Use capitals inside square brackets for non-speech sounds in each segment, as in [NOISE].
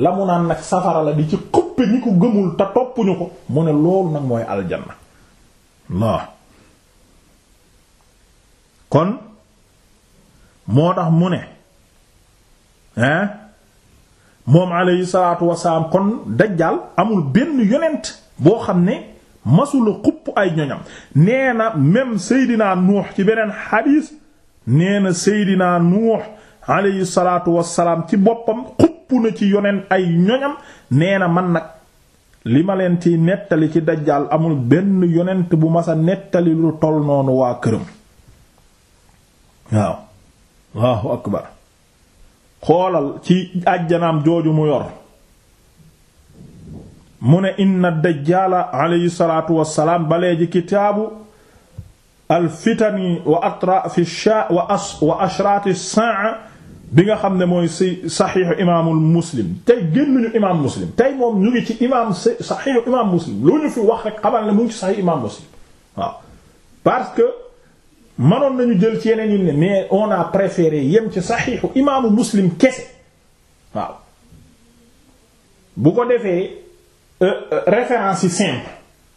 la nag safara la di ci xuppe ñi ko gëmul te toppuñu ko mu ne loolu nag mooy aljanna waaw kon moo tax mu ne moom alayhi salaatu wasalaam kon dajjaal amul benn yonent boo xam ne masula xupp ay ñoñam nee na même Seydina Nuux ci beneen xadiis nee na Seydina Nuux alayhi salaatu wassalaam ci boppam xupp na ci yoneen ay nee na man nag li ma leen ciy nettali ci dajjaal amul benn yonent bu masa nettali lu toll noonu waa këram xoolal ci àjjanaam jooju mu yor mu ne inna dajjaala alayhi salaatu wassalaam balee ji kitaabu alfitani wa atrafi sha wa ashraati saa bi nga xam ne mooy si saxiixu imaamul muslim tey génnuñu imaam muslim tey moom ñu ngi ci imaam saxiixu imaam muslim loo ñu fi wax rek xamal na mu ngi ci saxiixu imaam muslim que mënoon nañu jël ci yeneen yi mais on a préféré yem ci saxiixu imaamu muslim kese waaw bu ko defee euh, euh, référence yi simple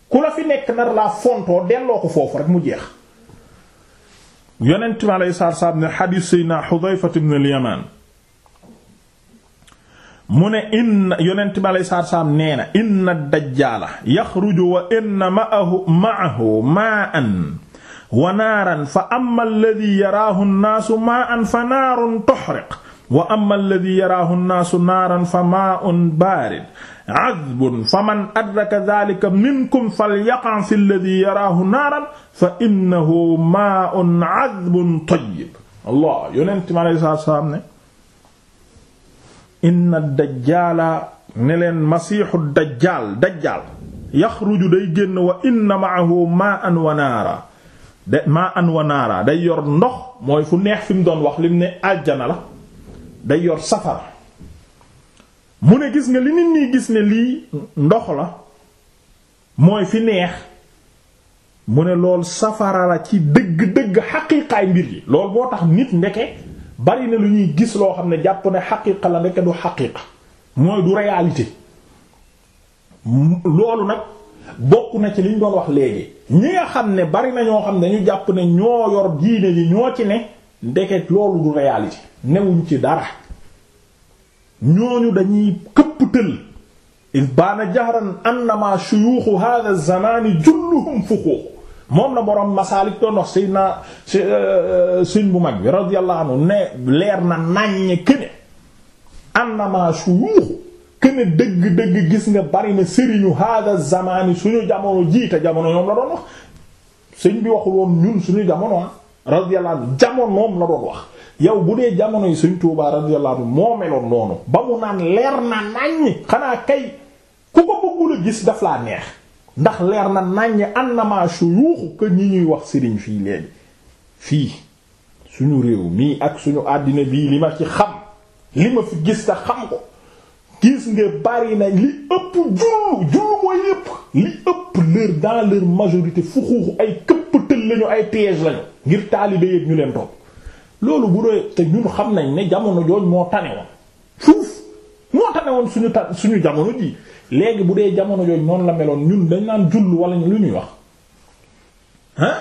ku la fi nekk nar laa fontoo delloo ko foofu rek mu jeex. yonent bi alayhi salaatu salaam ne xadiis Seydina Xudayfat ibn al-Yamaan mu ne inna yonent bi alayhi salaatu salaam nee na inna dajjaala yaxruju wa inna ma'ahu ma'ahu maa'an wa naaran fa amma alladhi yaraahu an-naasu maa'an fa naarun tuhriq wa amma alladhi yaraahu an-naasu naaran fa maa'un baarid azbun faman adraka dhalika minkum falyaqa fi alladhi yaraahu naaran fa innahu maa'un azbun tayyib allah yonent mi alayhi salaatu salaam ne inna dajjaala ne leen masiixu dajjaal dajjaal yaxruju day génn wa inna ma'ahu maa'an wa naaran de maa'an wa naaran day yor ndox mooy fu neex fi mu doon wax lim ne àjjana la day yor safara mu ne gis nga li nit ñi gis ne lii ndox la mooy fi neex mu ne lool safara la ci dëgg-dëgg xaqiiqaay mbir yi lool boo tax nit ndeke bari na lu ñuy gis loo xam ne jàpp ne xaqiiqa la ndeke du xaqiiqa mooy du réalité loolu nag bokk na ci liñ doon wax léegi ñi nga xam ne bari na ñoo xam ne dañu jàpp ne ñoo yor diine yi ñoo ci ne ndeke loolu du réalité newuñ ci dara ñooñu dañuy këpp tël in baana jahran annama shuyuukhu hadha az-zamani julluhum fuquu moom la boroom masaalik doon wax si euh, euh, sëñ bu mag bi radiyallahu anhu leer na nàññe këne annama shuyuukhu këne dëgg-dëgg gis nga bari na sëriñu hadha az-zamani suñu jamono jiite jamono ñoom la doon wax sëñ bi waxul woon ñun suñu jamono ah radiyallahu anhu jamonoom la doon wax yow bu dee jamono yi Sëriñ Tuubaa radiyallahu anhu moo meloon noonu ba mu naan leer na naññ xanaa kay ku ko bëggul a gis daf laa neex ndax leer na naññ annama shuyuux que ñi ñuy wax siriñ fii léegi fii suñu réew mii ak suñu àddina bii li ma ci xam li ma fi gis ta xam ko gis nga bari na li ëpp jullu jullu mooy yëpp li ëpp leur dans leur majorité fuxuuxu ay këpp tël lañu ay piège lañu ngir taalibe yépp ñu leen topp loolu bu dee te ñun xam nañ ne jamono jooj moo tane woon fuuf moo tane woon suñu ta suñu jamono ji léegi bu dee jamono jooj noonu la meloon ñun dañ naan jullu wala lu ñuy wax ah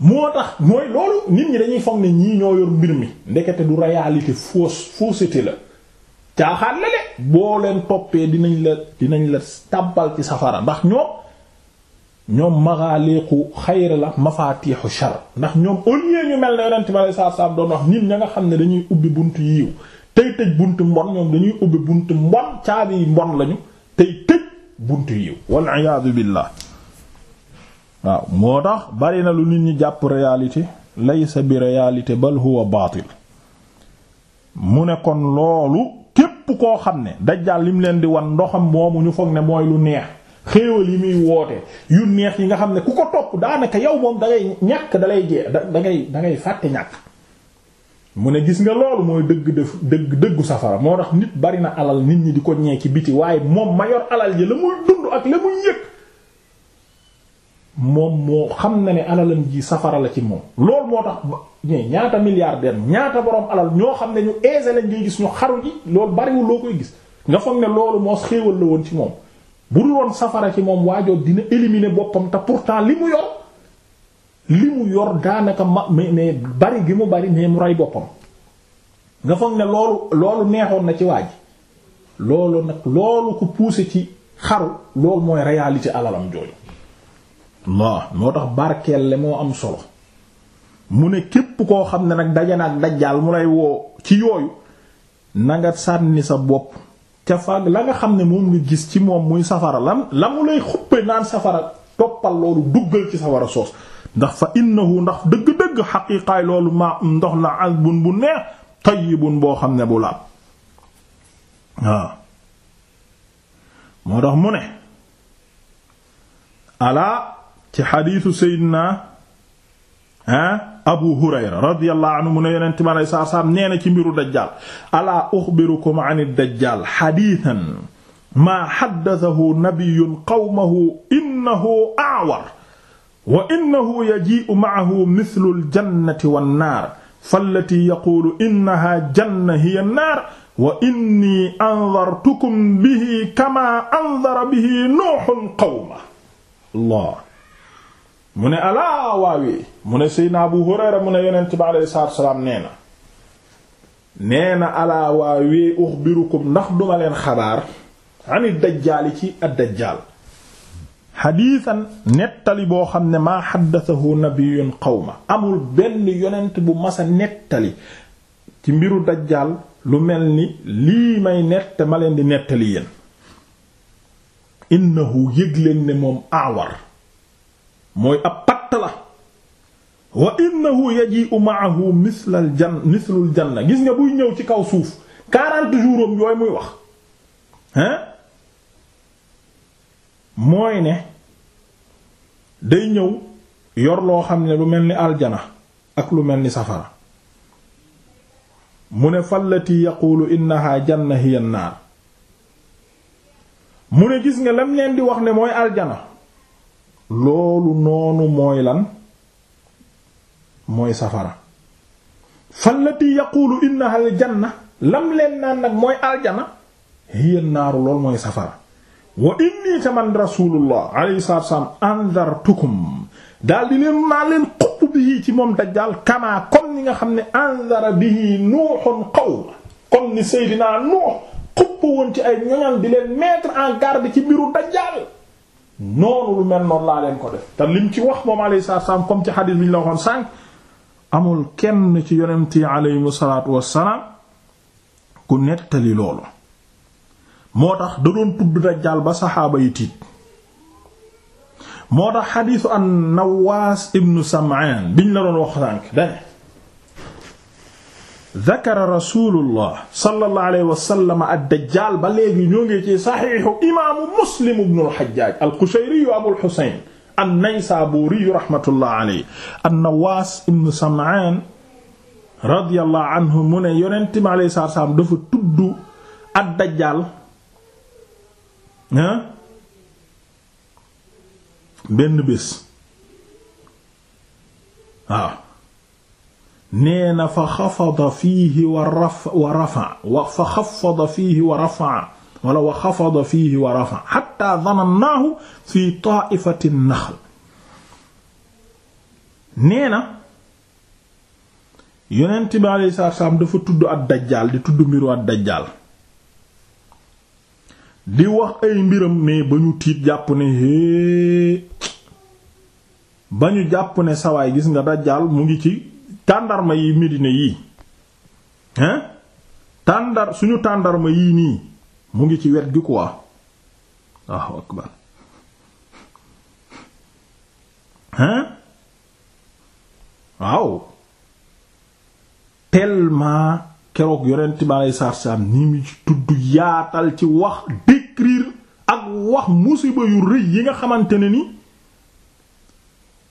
moo tax mooy loolu nit ñi dañuy foog ne ñii ñoo yor mbir mi ndekete du réalité fausse fausseté la caaxaan la de boo leen toppee dinañ la dinañ la tàbbal ci safara ndax ñoo ñoom maxaaliqu xayr la mafatixu shar ndax ñoom au lieu ñu mel ne yonent bi alayhi salaatu doon wax nit ña nga xam ne dañuy ubbi bunt yiiw tey tëj buntu mbon ñoom dañuy ubbi buntu mbon caabi mbon lañu tey tëj buntu yiiw wal iyaadu billah waaw moo tax bari na lu nit ñi jàpp réalité laysa bi réalité bal huwa baatil mu ne kon loolu képp koo xam ne dajjaal lim leen di wan ndoxam moomu ñu foog ne mooy lu neex xéewal yi muy woote yu neex yi nga xam ne ku ko topp daanaka yow moom dangay ñàkk dalay lay dangay dangay fàtte ñàkk mu ne gis nga loolu mooy dëgg dëgg dëggu safara moo tax nit bari na alal nit ñi di ko ñee ci biti waaye moom mayor yor alal ji la muy dund ak la muy yëg moom moo xam na ne alalam ji safara la ci moom loolu moo tax ñe ñaata milliardaire ñaata borom alal ñoo xam ne ñu aisé lañ ngay gis ñu xaru ji loolu bariwul loo koy gis nga foog ne loolu moo xéewal la woon ci moom bu dul woon safara ci moom waajoo dina éliminer boppam te pourtant li mu yor li mu yor daanaka ma mais bari gi mu bari mais mu rey boppam nga foog ne loolu loolu neexoon na ci waaj loolu nag loolu ko pousser ci xaru loolu mooy réalité alalam jooju waaw moo tax barkeel moo am solo mu ne képp koo xam ne nag daje na ak dajjaal mu lay woo ci yooyu nanga sànni sa bopp ca la nga xam ne moom ngi gis ci moom muy safara lam la mu lay xuppe naan safara toppal loolu duggal ci safara soos ndax fa innahu ndax dëgg-dëgg xaqiiqaay loolu ma ndox la azbun bu neex tayyibun boo xam ne bu laab waaw moo tax mu ne alaa ci xadiisu seydinaa ah Abu Hurayra radiyallahu anhu mu ne yonent mi alayhi salaatu salaam nee na ci mbiru dajjal alaa uxbirukum ani dajjal xadiisan maa xaddasahu nabiyyun qawmahu innahu a'war wa innahu yaji'u ma'ahu mithlu al-jannati wan-naar fallatii yaquulu innahaa janna hiya an-naar wa innii anzartukum bihi kamaa anzara bihi nuuhun qawmahu Allah mu ne alaa waawee mu ne Seydina Abu Hurayra mu ne yonent bi alayhi salaatu wa salaam nee na nee na ndax duma leen xabaar ani dajjaali ci ad-dajjaal xadiisan nettali boo xam ne maa xaddasahu nabiyun xawma amul benn yonent bu masa nettali ci mbiru dajjaal lu mel ni lii may nett ma leen di nettali yéen innahu yëg leen moom aawar mooy ab patt la wa innahu yaji'u ma'ahu mislal janna mislul janna gis nga buy ñëw ci kaw suuf 40 jours am yooyu muy wax hein mooy ne day ñëw yor loo xam ne lu mel ni aljana ak lu mel ni safara mu ne fallati yaqulu innaha janna hiya an-nar mu ne gis nga lam leen di wax ne mooy aljana loolu noonu mooy lan mooy safara fallati yaqulu innaha aljanna lam leen naan nag mooy aljana hiya naaru loolu mooy safara wa inni taman rasulullah alayhi salatu daal di leen maa leen xupp bi ci moom dajjaal kama comme ni nga xam ne anzara bihi nuuxun qawma comme ni seydinaa nuux xupp woon ci ay ñoñam di leen mettre en garde ci mbiru dajjaal noonu lu mel noonu laa leen ko def te lim ci wax moom alayhi salaam comme ci xadiis bi ñu la waxoon sànq amul kenn ci yonent yi alayhimu salaatu wassalaam ku nettali loolu moo tax da doon tudd dajjaal ba saxaaba yi tiit moo tax xadiisu an Nawaas ibnu Sam'aan biñ la doon wax sànq dane dakara rasulullah sallallahu alayhi wa sallam ad ba léegi ñoo ngi ci saxiixu imaamu muslim ibnu al-hajjaj al-qushayri abul husayn an-naysaburi rahmatullah alayhi an-nawas ibnu sam'an radiyallahu mu ne yonent mi dafa tudd ad-dajjal ah benn bés waaw nee na fa xafada fiihi wa rafa wa rafa wa fa xafada fiihi wa rafa wala wa xafada fiihi wa rafa xatta danannaahu fi taifati naxl nee na yonent bi alayhi salaatu salaam dafa tudd ad dajjaal di tudd mbiru ad dajjaal di wax ay mbiram mais ba ñu tiit jàpp ne hée ba ñu jàpp ne sawaay gis nga dajjaal mu ngi ci tàndarma yi Medina yii hein tàndar suñu tàndarma yii nii mu ngi ci wet gi quoi waaw akbar hein waaw tellement keroog yonent ba lay saar ni mu ci tudd yaatal ci wax décrire ak wax musiba yu rëy yi nga xamante ni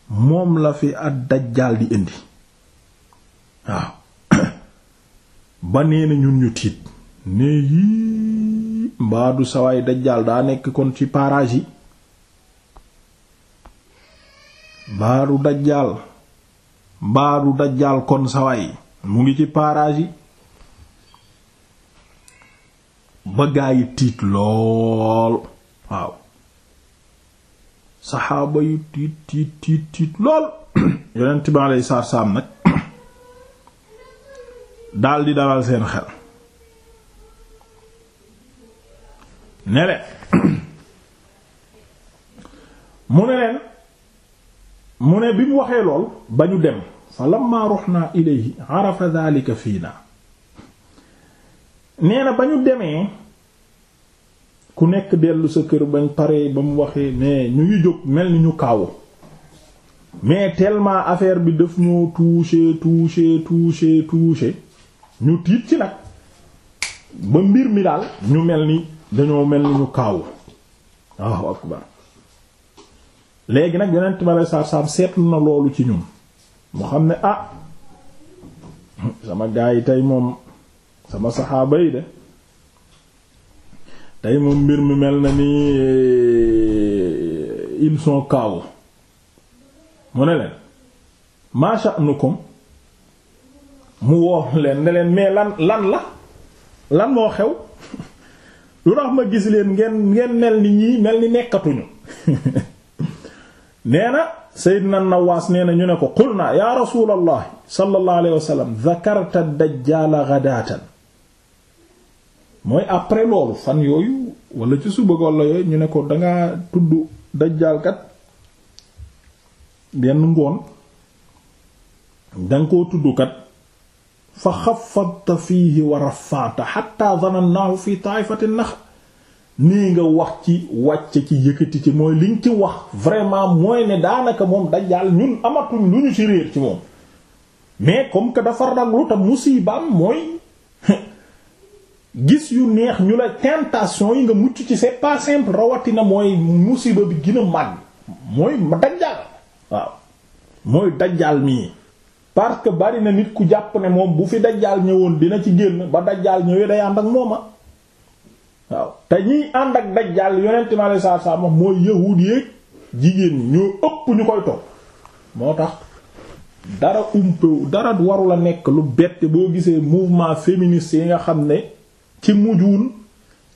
moom la fi ad-Dajjal di indi waaw [COUGHS] ba nee na ñun ñu tiit ne yii mbaadu sawaay dajjaal daa nekk kon ci parage yi mbaadu dajjaal mbaadu dajjaal kon sawaay mu ngi ci parage yi ba tiit lool waaw saxaaba yu tiit tiit tiit tiit lool [COUGHS] yonent bi alayhi salaam nag daldi di seen xel ne leen mu ne leen mu ne bi mu waxee lool ba ñu dem fa lamma ruhna ilayhi arafa dhalika fiina nee na ba ñu demee ku nekk dellu sa kër bañ paree ba mu waxee mais ñu ngi jóg mel ni ñu kaawu mais tellement affaire bi daf ñoo touché touché touché touché ñu tiit ci nag ba mbir mi daal ñu mel ni dañoo mel ni ñu kaawu waaw akbar léegi nag yonent bi alei seetlu na loolu ci ñun mu xam ne ah sama gaa yi tey moom sama saxaaba yi de tey moom mbir mu mel na ni ils sont kaawu mu ne leen ma sha'nukum mu woo leen ne leen mais lan lan la lan moo xew [LAUGHS] lu tax ma gis leen ngeen ngeen mel ni ñii mel ni nekkatuñu [LAUGHS] nee na Seydina Nawaas nee na ñu ne ko qul naa yaa rasuulallahi sallallahu alayhi wa sallam dhakarta dajjaala ghadaatan mooy après loolu fan yooyu wala ci suba wala yooyu ñu ne ko dangaa tudd dajjaalkat benn ngoon danga koo tudd kat fa xafadta fiihi wa rafa'ta xatta zanannaahu fi taifati nax nii nga wax ci wàcce ci yëkkati ci mooy liñ ci wax vraiment mooy ne daanaka moom dajjaal ñun amatuñ lu ñu ci réer ci moom mais comme que dafa raglu ta musibaam mooy [LAUGHS] gis yu neex ñu la tentation yi nga mucc ci c'est pas simple rawatina mooy musiba bi gën a màgg mooy dajjaal waaw mooy dajjaal mii parce que bari na nit ku jàpp ne moom bu fi dajjaal ñëwoon dina ci génn ba dajjaal ñëwee day ànd ak mooma waaw te ñiy ànd ak dajjaal yonent mi alayhi salaatu salaam mooy yahuud yeek jigéen ñi ñoo ëpp ñu koy topp moo tax dara umpew dara warul a nekk lu bett boo gisee mouvement féministe yi nga xam ne ci mujjuun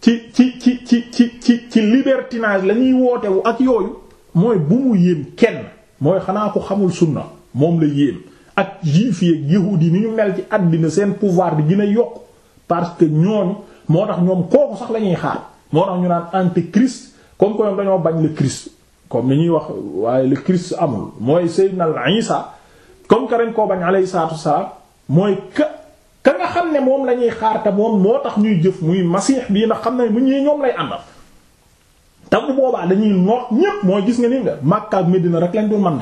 ci ci ci ci ci ci ci libertinage la ñuy wootewu ak yooyu mooy bu mu yéem kenn mooy xanaa ko xamul sunna moom la yéem ak juif yi ak yahuud yi ni ñu mel ci àddina seen pouvoir bi gën a yokk parce que ñooñu moo tax ñoom kooku sax la ñuy xaar moo tax ñu naan antéchrist comme que ñoom dañoo bañ le Christ comme ni ñuy wax waaye le Christ amul mooy Seydina Isa comme que ren koo bañ alayhi salaatu wassalaam mooy ka ka nga xam ne moom la ñuy xaar te moom moo tax ñuy jëf muy masiix bii ndax xam ne bu ñëwee ñoom lay àndal. te bu boobaa dañuy noot ñépp mooy gis nga ni nga Makka ak rek lañ doon mën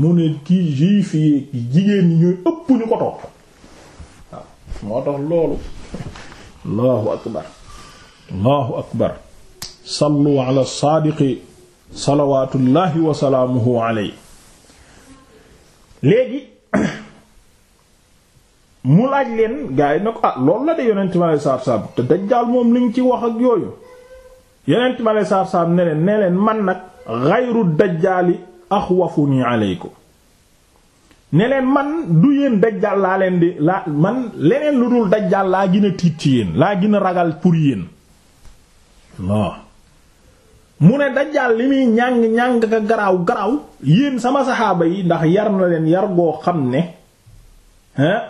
mu ne kii juif yi jigéen ñi ñooy ëpp ñu ko topp waaw moo tax loolu allahu akbar allahu akbar sallu wa salaamuhu alayhi léegi mu laaj leen gaa yi na ko ah loolu la de yonent mi alei saatu salaam te dajjaal moom li ñu ci wax ak yooyu yonent mi alei saatu salaam ne leen man nag xayru dajjaali axwafuni aleykum ko leen man du yéen dajjaal laa leen di laa man leneen lu dul dajjaal laa gën a ci yéen laa gën a ragal pour yéen mu ne dajjaal li muy ñàng-ñàng ka garaaw garaaw yéen sama saxaaba yi ndax yar na leen yar goo xam ne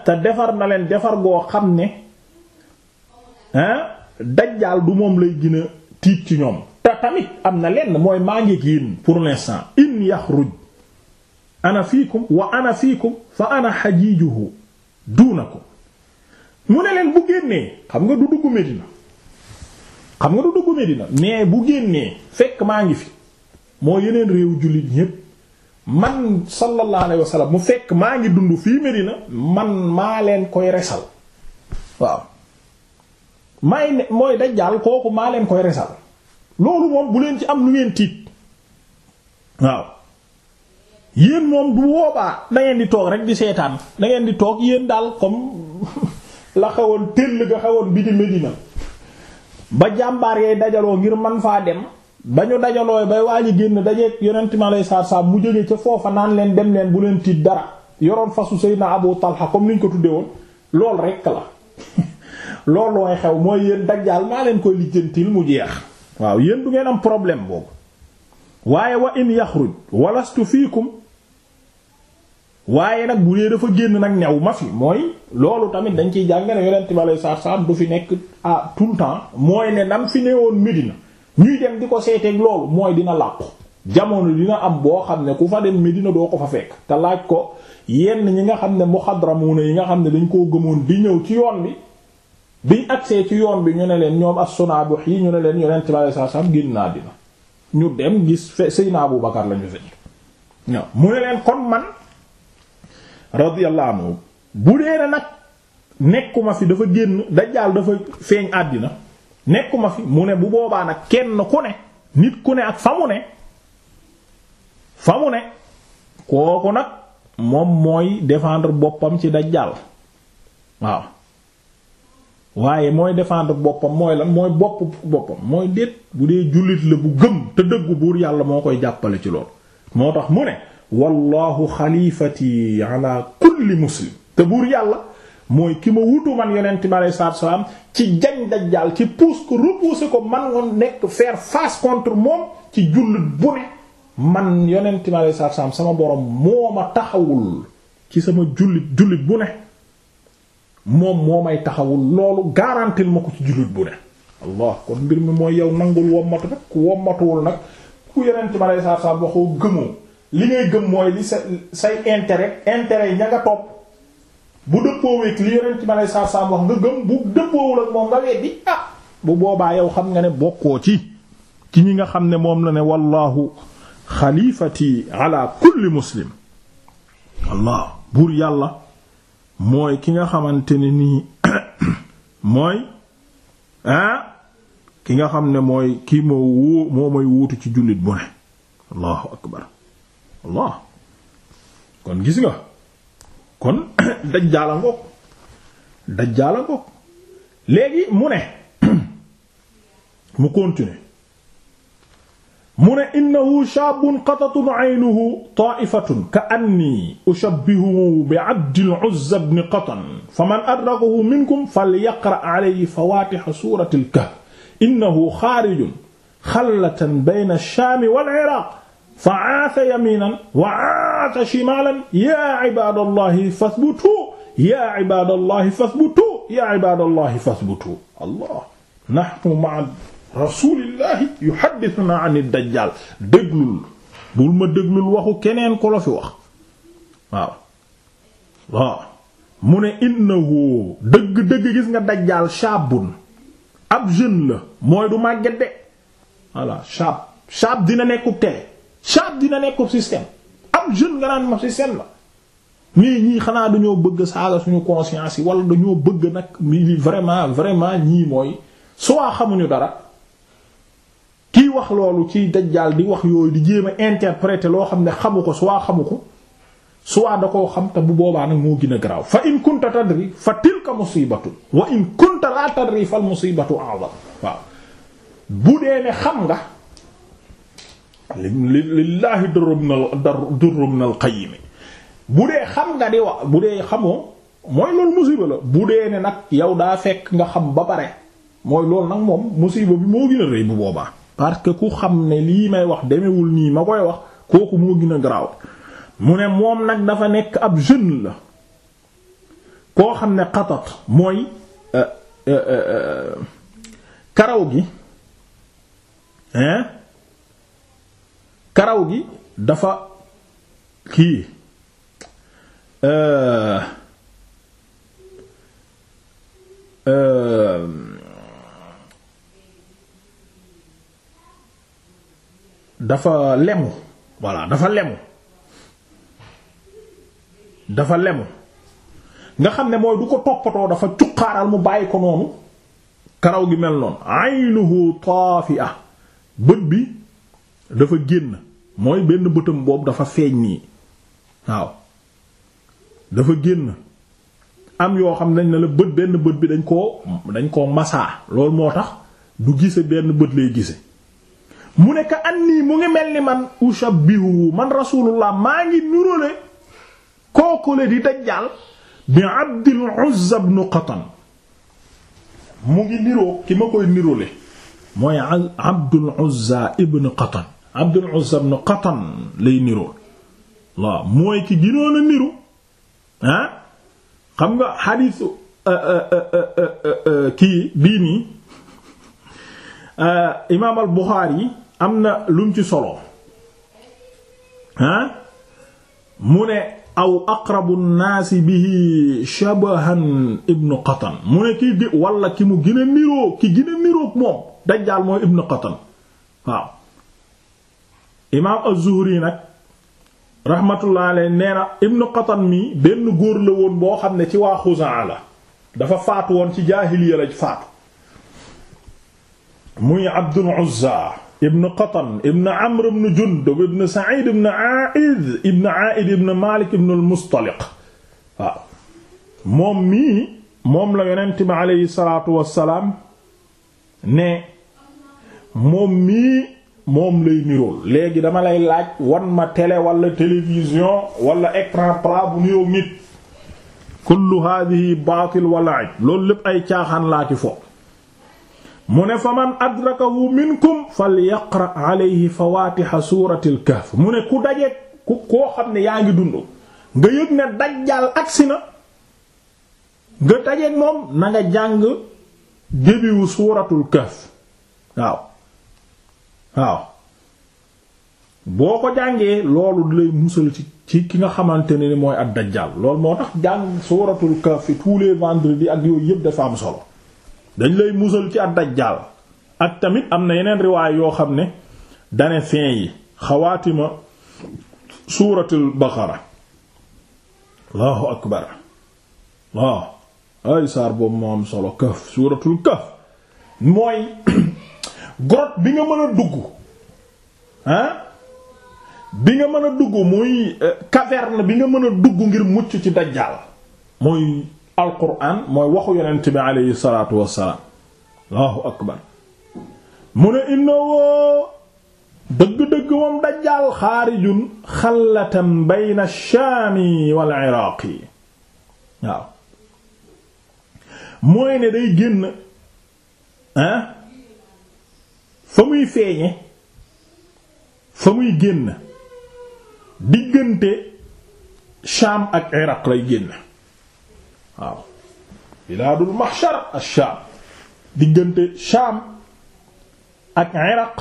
te defar na leen defar goo xam ne dajjal du moom lay gën a tiit ci ñoom te tamit am na lenn mooy maa ngi yéen pour l'instant in yaxruj ana fiikum wa ana fiikum fa ana xajiijuhu duunakum mu ne leen bu génnee xam nga du dugg Medina xam nga du dugg Medina mais bu génnee fekk maa ngi fi moo yeneen réew jullit ñépp man sallallahu alayhi wa mu fekk maa ngi dund fii Medina man maa leen koy resal waaw may ne mooy dajjaal kooku maa leen koy resal loolu moom bu leen ci am lu ngeen tiit waaw yéen moom du boobaa da ngeen di toog rek di seetaan da di toog yéen daal comme [LAUGHS] la xewoon tëll ga xewoon bi di ba jàmbaar yay dajaloo ngir man faa dem ba ñu dajalooy bay waa ji génn dajeeg yonent mi alayhi salaatu salaam mu jógee ca foofa naan leen dem leen bu leen tiit dara yoroon fasu sëy Seydina Abu Talha comme ni ko tuddee woon loolu rekk la [LAUGHS] loolu mooy xew mooy yéen dajjaal naa leen koy lijjantil mu jeex. waaw yéen du ngeen am problème boobu waaye wa in yaxruj walastu fiikum waaye nag bu dee dafa génn nag new ma fi mooy loolu tamit dañ ciy jàng ne yonent bi alayhi salaatu du fi nekk ah tout le temps mooy ne nam fi newoon Medina ñuy dem di ko seeteeg loolu mooy dina làqu jamono dina am boo xam ne ku fa dem Medina doo ko fa fekk te laaj ko yenn ñi nga xam ne xadra muxadramuuna yi nga xam ne dañ koo gëmoon di ñëw ci yoon bi biñ agsee ci yoon bi ñu ne leen ñoom as-Sunaabihi ñu ne leen yonent bi alayhi salaam génn na àddina ñu dem gis fe Seydina Abu Bakar lañu fekk mu ne leen kon man radiyallahu bu dee na nag nekkuma fi dafa génn Dajjaal dafa feeñ àddina nekkuma fi mu ne bu boobaa nag kenn ku ne nit ku ne ak fa mu ne fa mu ne kooku nag moom mooy défendre boppam ci Dajjaal waaw waaye mooy défendre boppam mooy lan mooy bopp boppam mooy déet bu dee jullit la bu gëm te dëggu buur yàlla moo koy jàppale ci lool moo tax mu ne wallahu xalifati ala kulli muslim te buur yàlla mooy ki ma wutu man yonent bi alei salaatu salaam ci jañ dajjaal ci pousse ko repousser ko man woon nekk faire face contre moom ci jullit bu ne man yonent bi alei salaatu salaam sama borom moo ma taxawul ci sama jullit jullit bu ne moom moo may taxawul loolu garantil ma ko ci jullit bu ne allah kon mbir mi mooy yow nangul wommatu nag ku wommatuwul nag ku yeneen ci ma lay saa saa waxoo gëmoo li ngay gëm mooy li sa say intérêt intérêt yi ña nga bu dëppoo ma lay saa saa wax nga gëm bu dëppoowul ak moom nga weddi ah bu boobaa yow xam nga ne bokkoo ci ci ñi nga xam ne moom la ne wallahu xalifati ala kulli muslim allah buur yàlla mooy ki nga xamante ne nii [COUGHS] mooy ah ki nga xam ne mooy kii moo woo moo mooy wuutu ci jullit bu ne allahu akbar allah kon gis nga kon [COUGHS] dajjaala ngoog dajjaala ngoog léegi mu ne [COUGHS] mu continuer mu ne innahu shaabun qatatun aynuhu taa'ifatun ka annii ushabbihu bi abdil uzza ibn qatan fa man adrakahu minkum falyaqra alayhi fawaatiha suuratil kahf innahu xaarijun xallatan bayna shaami wal iraaq fa aata yamiinan wa aata shimaalan yaa cibaadallaahi fasbutuu yaa cibaadallaahi fasbutuu yaa cibaadallaahi fasbutuu allah nahnu ma'a rasulillahi yuhaddithuna ani dajjal déglul bul ma déglul waxu keneen ko la wax waaw waaw mu ne innahu dëgg-dëgg gis nga dajjaal shaabun ab jeune la mooy du màgget de voilà shaab shaab dina nekkub télé shaab dina nekkub système ab jeune nga naan ma système la mais ñii xanaa dañoo bëgg saaga suñu conscience yi wala dañoo bëgg nag mi vraiment vraiment ñii mooy soo xamuñu dara wax loolu ci dajjaal di wax yooyu di jéem a interpréter loo xam ne xamu ko soit xamu ko soit da koo xam te bu boobaa nag moo gën garaaw fa in kunta tadri fa tilka musibatu wa in kunta la tadri fal musibatu a'zam waaw bu dee xam nga lillaahi durrubna alqayimi xam nga di wax bu dee xamoo mooy loolu musiba la bu dee ne nag yow daa fekk nga xam ba pare mooy loolu nag moom musiba bi moo gën rëy bu boobaa parce que ku xam ne lii may wax demewul nii ma koy wax kooku moo gën a garaaw mu ne moom nag dafa nekk ab jeune la koo xam ne xatat mooy euh, euh, euh, karaw gi hein karaw gi dafa kii dafa lemu voilà dafa lemu dafa lemu nga xam ne mooy du ko toppatoo dafa cuqaaral mu bàyyi ko noonu karaw gi mel noonu aynuhu taafi'a bët bi dafa génn mooy benn bëtam boobu dafa feeñ nii waaw dafa génn am yoo xam nañ ne la bët benn bët bi dañ koo dañ koo masaa loolu moo tax du gise benn bët lay gise mu ne ka annii mu ngi mel ni man ushabbihu man rasulullah maa ngi nuróle kookule di dajjaal bi Abdul Uzza ibn Qatan mu ngi niroo ki ma koy niróle mooy Abdul Uzza ibn Qatan Abdul Uzza mooy ki ginoon a niru ah xam nga xadiisu eh, eh, eh, kii bii nii [LAUGHS] imaam al Buxaari am na lum ci solo ah mu ne aw aqrabu naasi bihi shabahan ibnu qatan mu ne kii ki mu gën ki gën moom dajjaal mooy ibnu qatan imaam az-Zuhri nag rahmatullah alayhi nee na qatan mi benn góor la woon boo xam ne ci waa Xuzaa la dafa faatu woon ci jaahiliya la faatu muy Abdul Uzza ibn Qatan ibn Amr ibn Jundub ibn Sa'id ibn A'id ibn A'id ibn Malik ibn al moom mii moom la yonent bi aleyhi ne moom mii moom lay nirool léegi dama lay laaj wan ma télé wala télévision wala écran plat bu nuyoo nit kullu hadhihi baatil wa la'ib loolu lépp ay caaxaan laati fo mu ne fa man adrakahu minkum falyaqra alayhi fawatiha suratil kahf mu ne ku dajeeg ku koo xam ne yaa ngi dund nga yëg ne dajjaal agsi na nga dajeeg moom na nga jàng débiwu suuratul kahf waaw waaw boo ko jàngee loolu di lay musal ci ki nga xamante ne ni mooy at dajjaal loolu moo tax jàng suuratul kahf tous les vendredis ak yooyu yëpp dafa am solo dañ lay musal ci ad-dajjal ak tamit am na yeneen riwaay yoo xam ne dane fin yi xawaatima suuratul baqara allahu akbar waaw ay saar boobu moo am solo kaf suuratul kaf mooy [COUGHS] grotte bi nga mën a dugg ah bi nga mën a dugg muy euh, caverne bi nga mën a dugg ngir mucc ci dajjaal mooy alquran mooy waxu yonent bi aleyhi salaatu wassalaam allahu akbar mu ne innoo dëgg-dëgg moom dajjaal xaarijun xallatan bayna ash-shaami wal iraaqi waaw mooy ne day génn ah fa muy feeñe fa muy génn diggante Shaam ak Iraq lay génn waaw bilaadul mahshar ash-Shaam diggante Shaam ak Iraq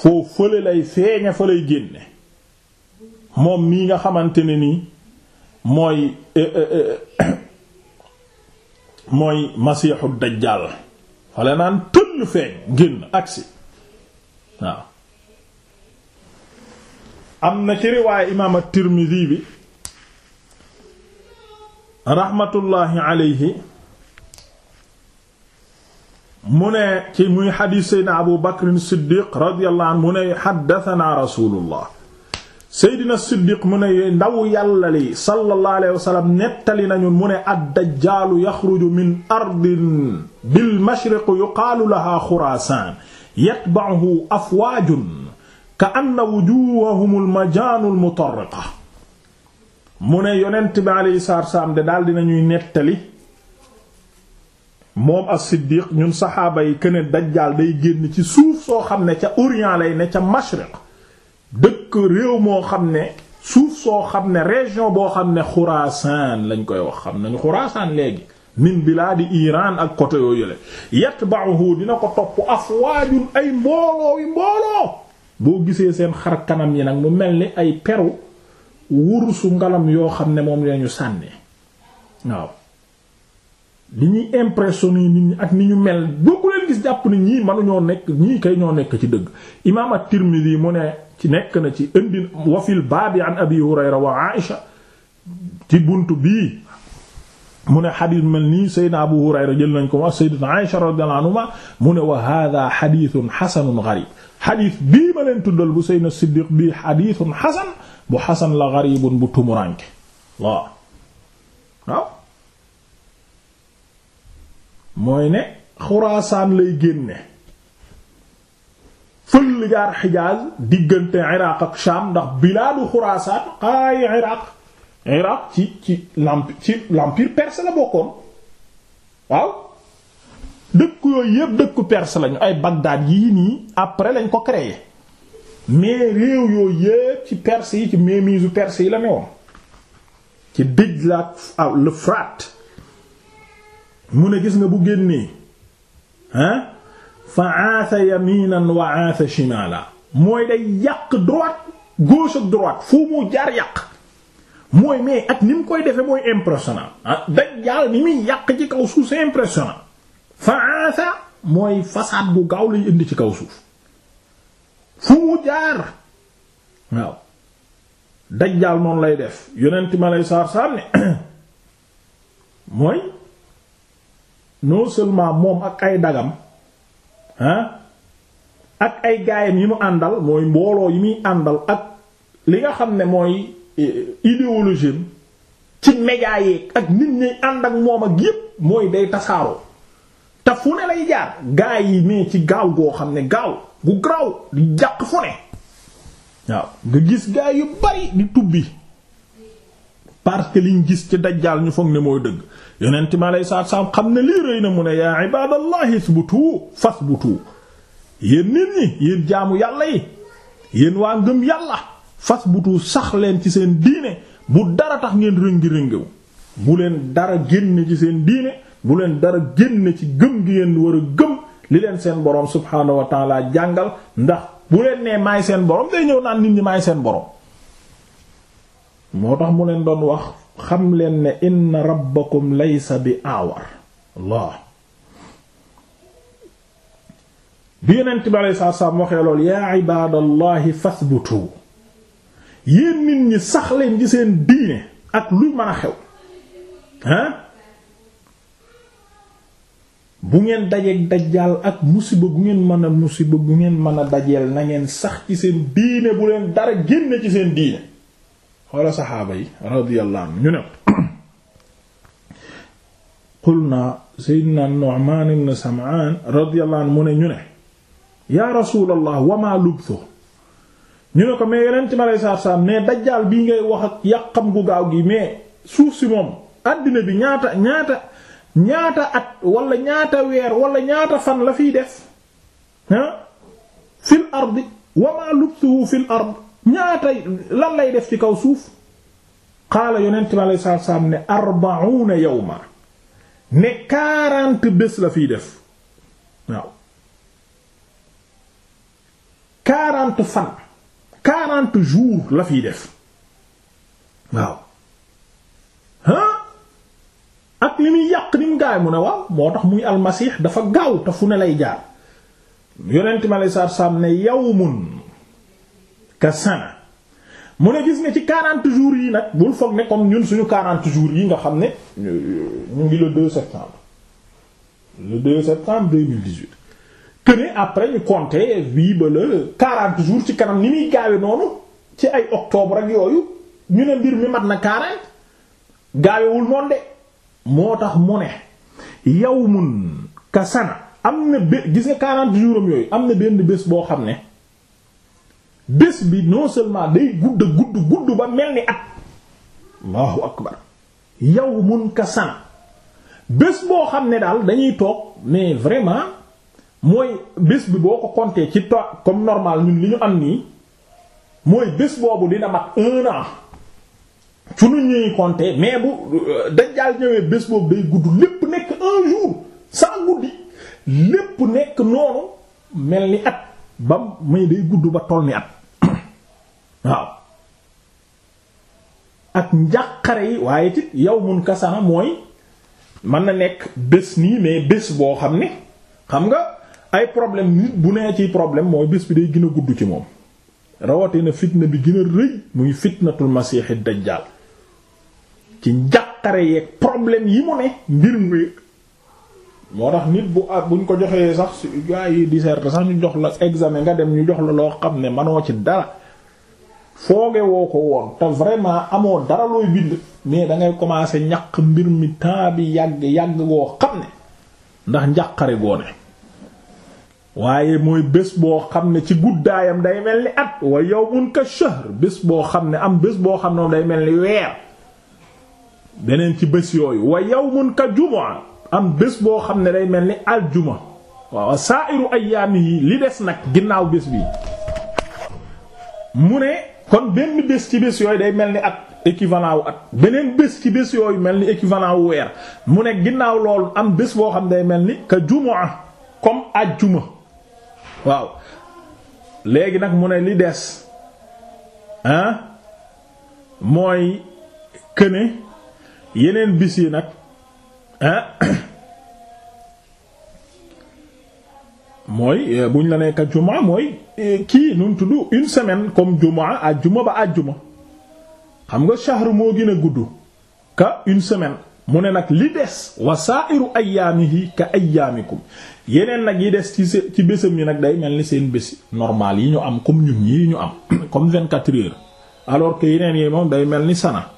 foo fële lay feeña fa lay génne moom mii nga xamante ne nii mooy eh, eh, eh, [COUGHS] mooy masiixu dajjaal fale naan tëll feeñ génn agsi waaw am na ci riwaaya imaam at-Tirmidhi bi raxmatullaahi alayhi mu ne ci muy xadiis seydina abu bakrin siddiq radiyallahu anhu mu ne xaddatanaa rasulullah seydina siddiq mu ne ndaw yàlla li sallallahu alayhi wa sallam nettali nañu mu ne addajaalu yaxruju min ardin bil mashriq yuqaalu lahaa xuraasaan yatba'uhu afwaajun ka anna wujuuhahum al majaanu al mutarriqa mu ne yonent bi alayhi salaatu wassalaam de daal dinañuy nettali moom as-Siddiq ñun saxaaba yi këne dajjaal day génn ci suuf soo xam ne ca Orient lay ne ca mashriq dëkk réew moo xam ne suuf soo xam ne région boo xam ne Xuraasaan lañ koy wax xam nañu Xuraasaan léegi min di Iran ak côté yoo yële yatba'uhu dina ko topp afwaajun ay mbooloo wi mbooloo boo gisee seen xar kanam yi nag mu mel ni ay peru wursu ngalam yoo xam ne moom lañu sànni waaw li ñuy impressionné nit ñi ak ni ñu mel boo nekk ñii kay ñoo nekk ci dëgg imaam at-Tirmidhi mu ne ci nekk na ci indi wafil baabi an abi Hurayra wa Aïsha ci bunt bii mu ne xadis mel nii saydna abu hurayra jël nañ ko wax saydna aïsha radiyallahu anhuma mu ne wa hada xaditun xasanun garib bii ma leen tuddal bu saydna siddiq bii xaditun xasan bu xasan la garibun bu tumuranke waaw waaw mooy ne xuraasaan lay génne fël jaar xijaaz diggante iraq ak sham ndax bilaadu xuraasaan ay iraq iraq ci ci l'empire ci l'empire perse la bokkoon waaw dëkk yooyu yépp dëkku perse lañu ay Bagdad yi nii après lañ ko créer mais réew yooyu yépp ci perse yi ci mainmise perse yi la newoon ci dij la ah, l'Euphrate mu ne gis nga bu génnee ah fa aasa yaminan wa aasa la mooy day yàq droite gos ak droite fu mu jaar yàq mooy mais at ni mu koy defee mooy impressionnant ah Dajjaal ni muy yàq ci kaw suuf c'est impressionnant fa aasa mooy façade bu gaaw lay indi ci kaw suuf fu mu jaar waaw dajjaal noonu lay def yonent ma lay saar saar ne [COUGHS] mooy non seulement moom ak ay dagam ak ay gaayam yi mu àndal mooy mbooloo yi muy àndal ak li nga xam ne mooy eh, idéologie ci média yeeg ak nit ñi ànd ak moom ak yépp mooy day tasaaroo te fu ne lay jaar gaay yi mais ci gaaw goo xam ne gaaw bu graw di jàq fu waaw nga gis gaa yu bari di tubbi parce liñ gis ci dajjaal ñu foog ne mooy dëgg yonent mi aleyhi salaatu salaam xam ne lii rëy na mu ne yaa ibaadallahi bu fasbutu yéen nit ñi yéen jaamu yàlla yi yéen waa ngëm yàlla tuu sax leen ci seen diine bu dara tax ngeen rëngi rëngiw bu leen dara génne ci seen diine bu leen dara génne ci gëm gi ngeen war a gëm li leen seen boroom subhaanahu wa jàngal ndax bu leen nee maay seen borom day ñëw naan nit ñi maay seen borom. moo tax mu leen doon wax xam leen ne inna rabbakum laysa bi aawar Allah bi yonent bi alei saatu salaam waxee lool yaa ibadallahi fasbutu yéen nit ñi sax leen ci seen diine ak luy mën a xew bu ngeen dajeek dajjaal ak musiba bu ngeen mën a musiba gu ngeen mën a dajeel nangeen sax ci seen diine bu leen dara génne ci seen diine xoola saxaaba yi radiyallahu anhu ñu ne qulna seydina nu'man ibn sam'an radiyallahu mu ne ñu ne ya rasulallah wama lubthu ñu ne ko mais ma lay saar saar mais dajjaal bii ngay wax ak yàqam gu gaaw gi mais suuf si moom àddina bi ñaata ñaata ñaata at wala ñaata weer wala ñaata fan la fiy def ah fil ardi wa ma lubtuhu fil ard ñaata lan lay def ci kaw suuf qaala yonent bi alayhi salaatu salaam ne la fiy def waaw quarante fan quarante jours la fi def li muy yàq ni mu gaay mu ne waaw moo tax muy almasiix dafa gaaw te fu ne lay jaar yonent mi aleyhi salaatu wa salaam ne yawmun ka sana mu ne gis nga ci 40 jours yi nag bul foog ne comme ñun suñu 40 jours yi nga xam ne ñu ngi le 2 septembre le 2 septembre 2018 que ne après ñu compter bii ba le 40 jours ci kanam ni muy gaawe noonu ci ay octobre ak yooyu ñu ne mbir mi mat na 40 gaawewul noonu de moo tax mu ne yawmun ka sana am na bé gis nga 40 jours yooyu am na benn bés boo xam ne bés bi non seulement day gudd gudd gudd ba mel ni at allahu akbar yawmun ka sana bés boo xam ne daal dañuy toog mais vraiment mooy bés bi boo ci to comme normal ñun li am nii mooy bés boobu dina mat un an ci nu ñuy compter mais bu euh, dajjaal ñëwee bés boobu day gudd lépp nekk un jour guddi lépp nekk noonu mel ni at ba may day gudd ba toll ni at [COUGHS] waaw ak njàqare yi waaye tit yow mun kasana mooy mën na nekk bés nii mais bés boo xam ne xam nga ay problème nit bu nee ci problème mooy bés bi day gën a gudd ci moom rawatina fitna bi gën a rëy muy fitnatul masiixi dajjaal ci njàqare yeeg problème yi mu ne mbir mi moo tax nit bu ah buñ ko joxee sax su gaa yi disserte sax ñu jox la examen nga dem ñu jox la loo xam ne manoo ci dara fooge woo ko woon te vraiment amoo dara looy bind mais da ngay commencer ñaq mbir mi temps bi yàgg yàgg goo xam ne ndax njàqare goo ne waaye mooy bés boo xam ne ci guddaayam day mel ni at wa yawmun ka shahr bés boo xam ne am bés boo xam ne day mel ni weer. beneen ci bés yooyu wa yawmun ka jumaa am bés boo xam ne day mel ni aljuma waaw saairu ayaami yi li des nag ginnaaw bés bi mu ne kon benn bés ci bés yooyu day mel ni ak équivalent wu at beneen bés ci bés yooyu mel ni équivalent wu weer mu ne ginnaaw loolu am bés boo xam ne day mel ni ka jumaa comme ajjuma waaw léegi nag mu ne li des ah mooy këne yeneen bis yi nag mooy eh, buñ la nekka jumaa mooy eh, kii nun tudd une semaine comme jumaa àjjuma ba àjjuma xam nga shahr moo gën a gudd ka une semaine mu ne nag li des wa sa'iru ayyaamihi ka ayyaamikum yeneen nag yi des ci ci bésam yi nag day mel ni seen bés normal yi ñu am comme ñun yi ñu am [COUGHS] comme 24 heures alors que yeneen yi moom day mel ni sana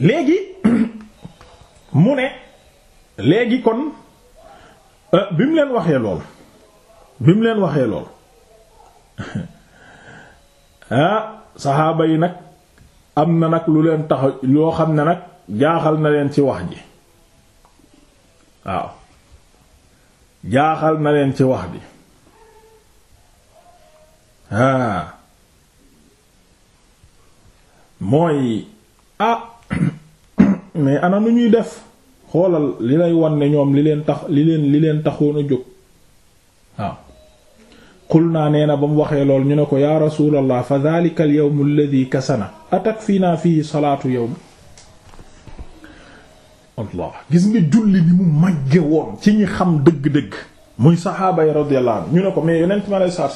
léegi [CLEARS THROAT] mu ne léegi kon euh, bi mu leen waxee lool bi mu leen waxee lool [LAUGHS] ah saxaaba yi nag am na nag lu leen tax loo xam ne nag jaaxal na leen ci wax ji waaw jaaxal na leen ci wax bi ah mooy ah [COUGHS] mais ana nu ñuy def xoolal li lay wan ne ñoom li leen tax li leen li leen taxoon a jóg waaw xul naa nee na ba mu waxee lool ñu ne ko yaa rasulallah fa dhalika al yawm alladhi kasana atakfina fihi salaatu yawm allah gis nga julli ni mu màgge woon ci ñi xam dëgg-dëgg muy saxaaba yi radiyallahu anhu ñu ne ko mais yonent mi alayhi [COUGHS]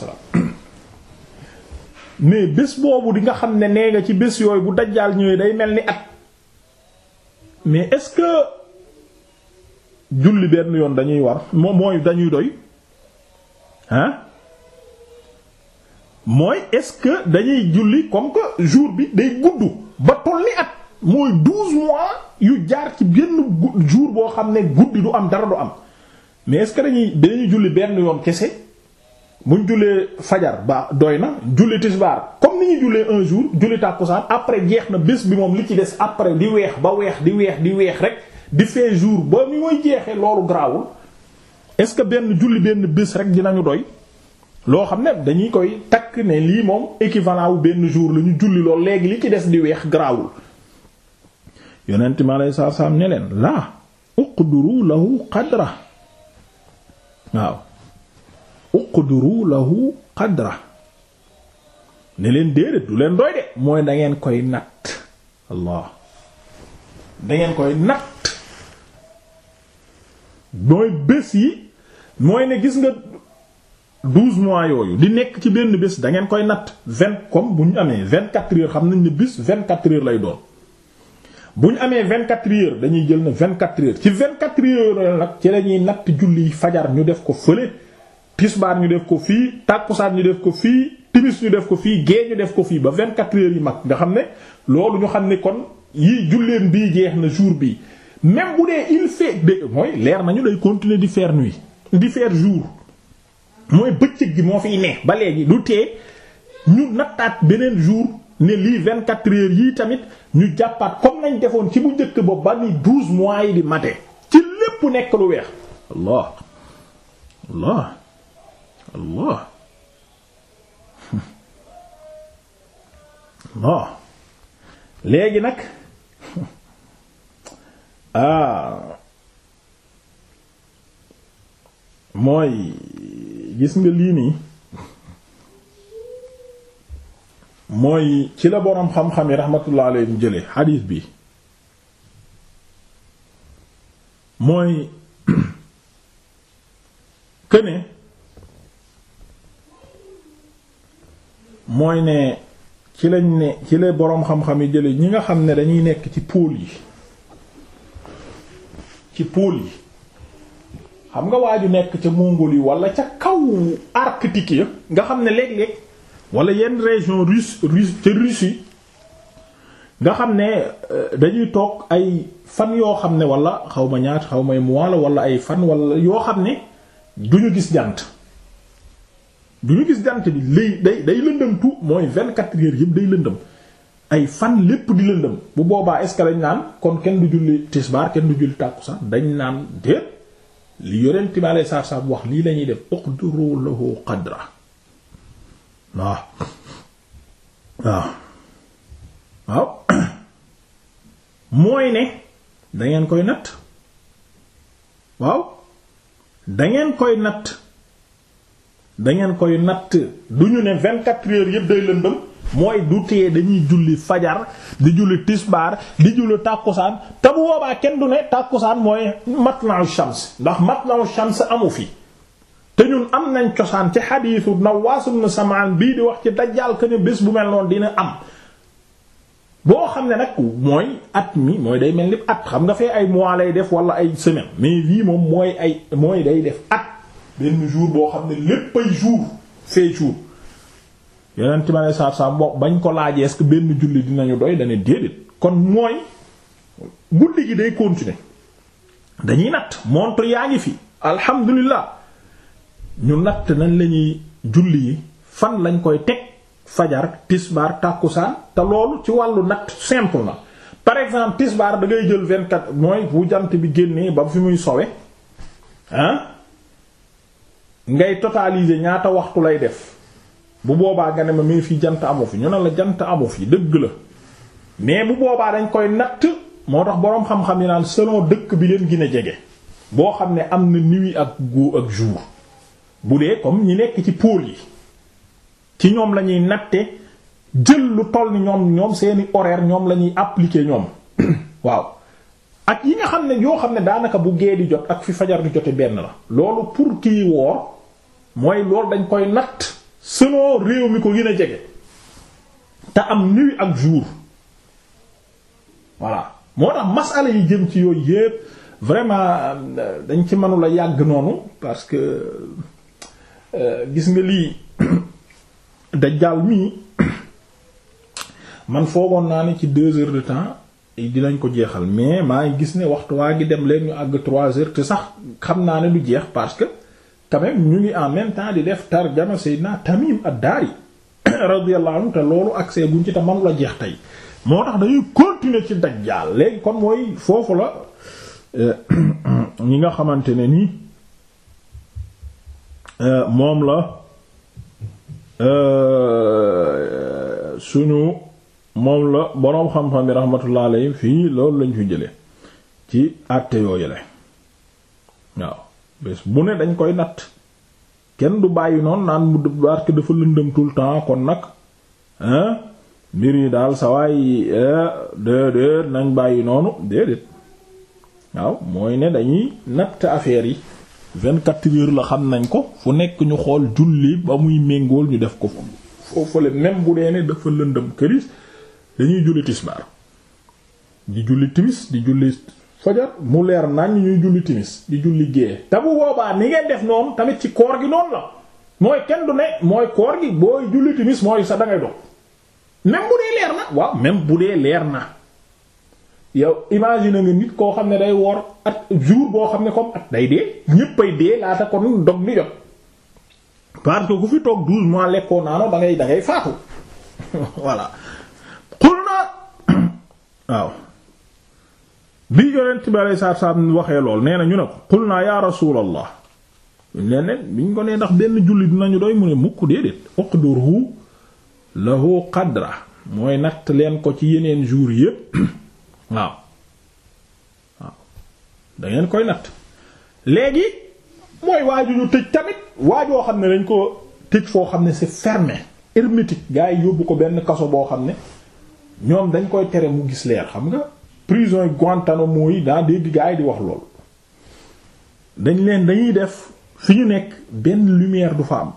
mais boobu di nga xam ne nee nga ci bés yooyu bu dajjaal ñëwee day mel ni at mais est-ce que julli benn yoon dañuy war moom mooy dañuy doy ah mooy est-ce que dañuy julli comme que jour bi day gudd ba toll ni at mooy douze mois yu jaar ci benn jour boo xam ne guddi du am dara du am mais est-ce que dañuy dañuy julli benn yoon kese buñ jullee fajar ba doy na julli tisbaar comme ni ñu jullee un jour julli tàkkusaan après jeex na bés bi moom li ci des après di weex ba weex di weex di weex rek di fee jour ba ni mooy jeexee loolu garaawul est-ce que benn julli benn bés rek dinañu doy loo xam ne dañuy koy takk ne lii moom équivalent wu benn jour la ñu julli lool léegi li ci des di weex garaawul yonent mi aleyhi salaatu salaam ne leen laa uqduru lahu qadra waaw uqduru lahu qadra ne leen déedéet du leen doy de mooy da ngeen koy natt allah da koy natt mooy bés yi mooy ne gis nga douze mois yooyu di nekk ci benn bés da ngeen koy natt vingt comme bu ñu amee vingt quatre heures xam nañ ne bis vingt quatre heures lay doon bu ñu amee vingt quatre heures dañuy jël na vingt quatre heures ci vingt quatre heures nag ci lañuy natt julli fajar ñu def ko fële. tisbaar ñu def ko fii tàkkusaan ñu def ko fii timis ñu def ko fii gée ñu def ko fii ba 24 heures yi mag nga xam ne loolu ñu xam ne kon yii julleen bii jeex na jour bi même bu dee il fait de mooy leer nañu day continuer di faire nuit di faire jour mooy bëccëg gi moo fiy ne ba léegi du tee ñu nattaat beneen jour ne lii 24 heures yii tamit ñu jàppaat comme nañ defoon ci bu njëkk ba ba ni 12 mois yi di mate ci lépp nekk lu weex allah allah léegi nag [LAUGHS] ah mooy gis nga lii nii mooy ci la boroom xam-xam yi rahmatullah alayhim jële xadiis bi mooy [CLEARS THROAT] këne mooy ne ci lañ ne ci la boroom xam-xam yi jële ñi nga xam ne dañuy nekk ci pôle yi ci pôle yi xam nga waaju nekk ca yi wala ca kaw Arctique ya nga xam ne léeg-léeg wala yenn région russe russe ca Russie nga xam ne euh, dañuy toog ay fan yoo xam ne wala xaw ma ñaat xaw may mois la wala ay fan wala yoo xam ne duñu gis jant du ñu gis gant bi lay day day lëndëm mooy vingt-quatre heures yëpp day lëndëm ay fan lépp di lëndëm bu boobaa est-ce que dañ naan kon kenn du julli tisbaar kenn du julli tàkkusaan dañ naan déet li yonent bi alayhi salaatu salaam wax lii lañuy def uqdiru lahu qadra waaw waaw waaw mooy ne dangeen koy natt waaw dangeen koy natt dangeen koy natt du ñu ne 24 heures yëpp day lëndëm mooy du tee dañuy julli fajar di julli tisbaar di julli tàkkusaan te bu boobaa kenn du ne tàkkusaan mooy matlaw shams ndax mat matlaw shams amu fi te ñun am nañ cosaan ci xadiisu Nawaas ibn Samaan bii di wax ci dajjaal que ne bés bu mel noonu dina am boo xam ne nag mooy at mi mooy day mel ni at xam nga fee ay mois lay def wala ay semaine mais lii moom mooy ay mooy day def at benn jour boo xam ne léppay jour fee jour yeneen ci ma saab saab boo bañ ko laajee est-ce que benn julli dinañu doy dana déedéet kon mooy guddi gi day continuer dañuy natt montre yaa ngi fi alhamdulilah ñu natt nañ lañuy julli yi fan lañ koy teg fajar tisbaar tàkkusaan te loolu ci wàllu natt simple na par exemple tisbaar da jël vingt-quatre mooy bu jant bi génnee ba fi muy sowe ah ngay totaliser ñaata waxtu lay def bu boobaa nga ne ma mais fii jant amu fi ñu ne la jant amu fi dëgg la mais bu boobaa dañ koy natt moo tax boroom xam-xam yi naan selon dëkk bi leen gën jege boo xam ne am na nuit ak gó ak jour bu dee comme ñi nekk ci pôle yi ci ñoom lañuy natte jël lu toll ni ñoom ñoom seeni horaire ñoom la ñuy appliquer ñoom [COUGHS] waaw at yi nga xam ne yoo xam ne daanaka bu gee di jot ak fi fajar di jote benn la loolu pour kii woor mooy loolu dañ koy natt selon réew mi ko gën a jege te am nuit ak jour voilà moo tax masala yi jëm ci yooyu yépp vraiment euh, dañ ci mënula yàgg noonu parce que euh, gis nga lii [COUGHS] dajjaal mii [COUGHS] man foogoon naa ne ci deux heures de temps dinañ ko jeexal mais maa ngi gis ne waxtu waa ngi dem leen ñu àgg trois heures te sax xam naa ne lu jeex parce que tamit ñu ngi en même temps di def tarjama Seydina Tamim ad-Dari [COUGHS] radiyallahu anhu te loolu accès guñ ci te manu la jeex tey moo tax dañuy continuer ci dajjaal léegi kon mooy foofu la euh, [COUGHS] ñi nga xamante ne nii euh, moom la euh, suñu moom la boroom xam-xam bi rahmatullah alayhi fii loolu lañ fi jële ci àtte yooyu la waaw bés bu ne dañ koy natt kenn du bàyyi noonu naan mu barke dafa lëndëm tout le temps kon nag hein mbir yi daal sawaay eh, déedéet nañ bàyyi noonu déedéet waaw mooy ne dañuy natt affaire yi vingt-quatre heures la xam nañ ko fu nekk ñu xool julli ba muy méngool ñu def ko foofale même bu dee ne dafa lëndëm këris dañuy julli tisbaar di julli timis di julli fajar mu leer nañ ñuy julli timis di julli géeye te bu boobaa ni ngeen def noonu tamit ci koor gi noonu la mooy kenn du ne mooy koor gi booy julli timis mooy sa dangay dog même bu dee leer na yow imagine nga nit koo xam ne day woor at jour boo xam ne comme at day dee ñéppay dee laata kon dog di jot parce que ku fi toog douze mois lekkoo naano da ngay da faatu [LAUGHS] voilà xul na [COUGHS] waaw bi yonent bi alayhi salaatu salaam waxee lool nee na ñu ne ko qul naa yaa rasuulallah leen biñ ko nee ndax benn julli dinañu doy mu ne mukk déedéet uqdurhu lahu qadra mooy natt leen ko ci yeneen jour yépp [COUGHS] waaw waaw dangeen koy natt léegi mooy waaju ñu tëj tamit waajoo xam ne dañ ko tëj foo xam ne c'est fermé hermétique gaa yi yóbbu ko benn kaso boo xam ne ñoom dañ koy tere mu gis leer xam nga prison Guantanamo yi daa di gaa yi di wax lool dañ leen dañuy def fi ñu nekk benn lumière du fa am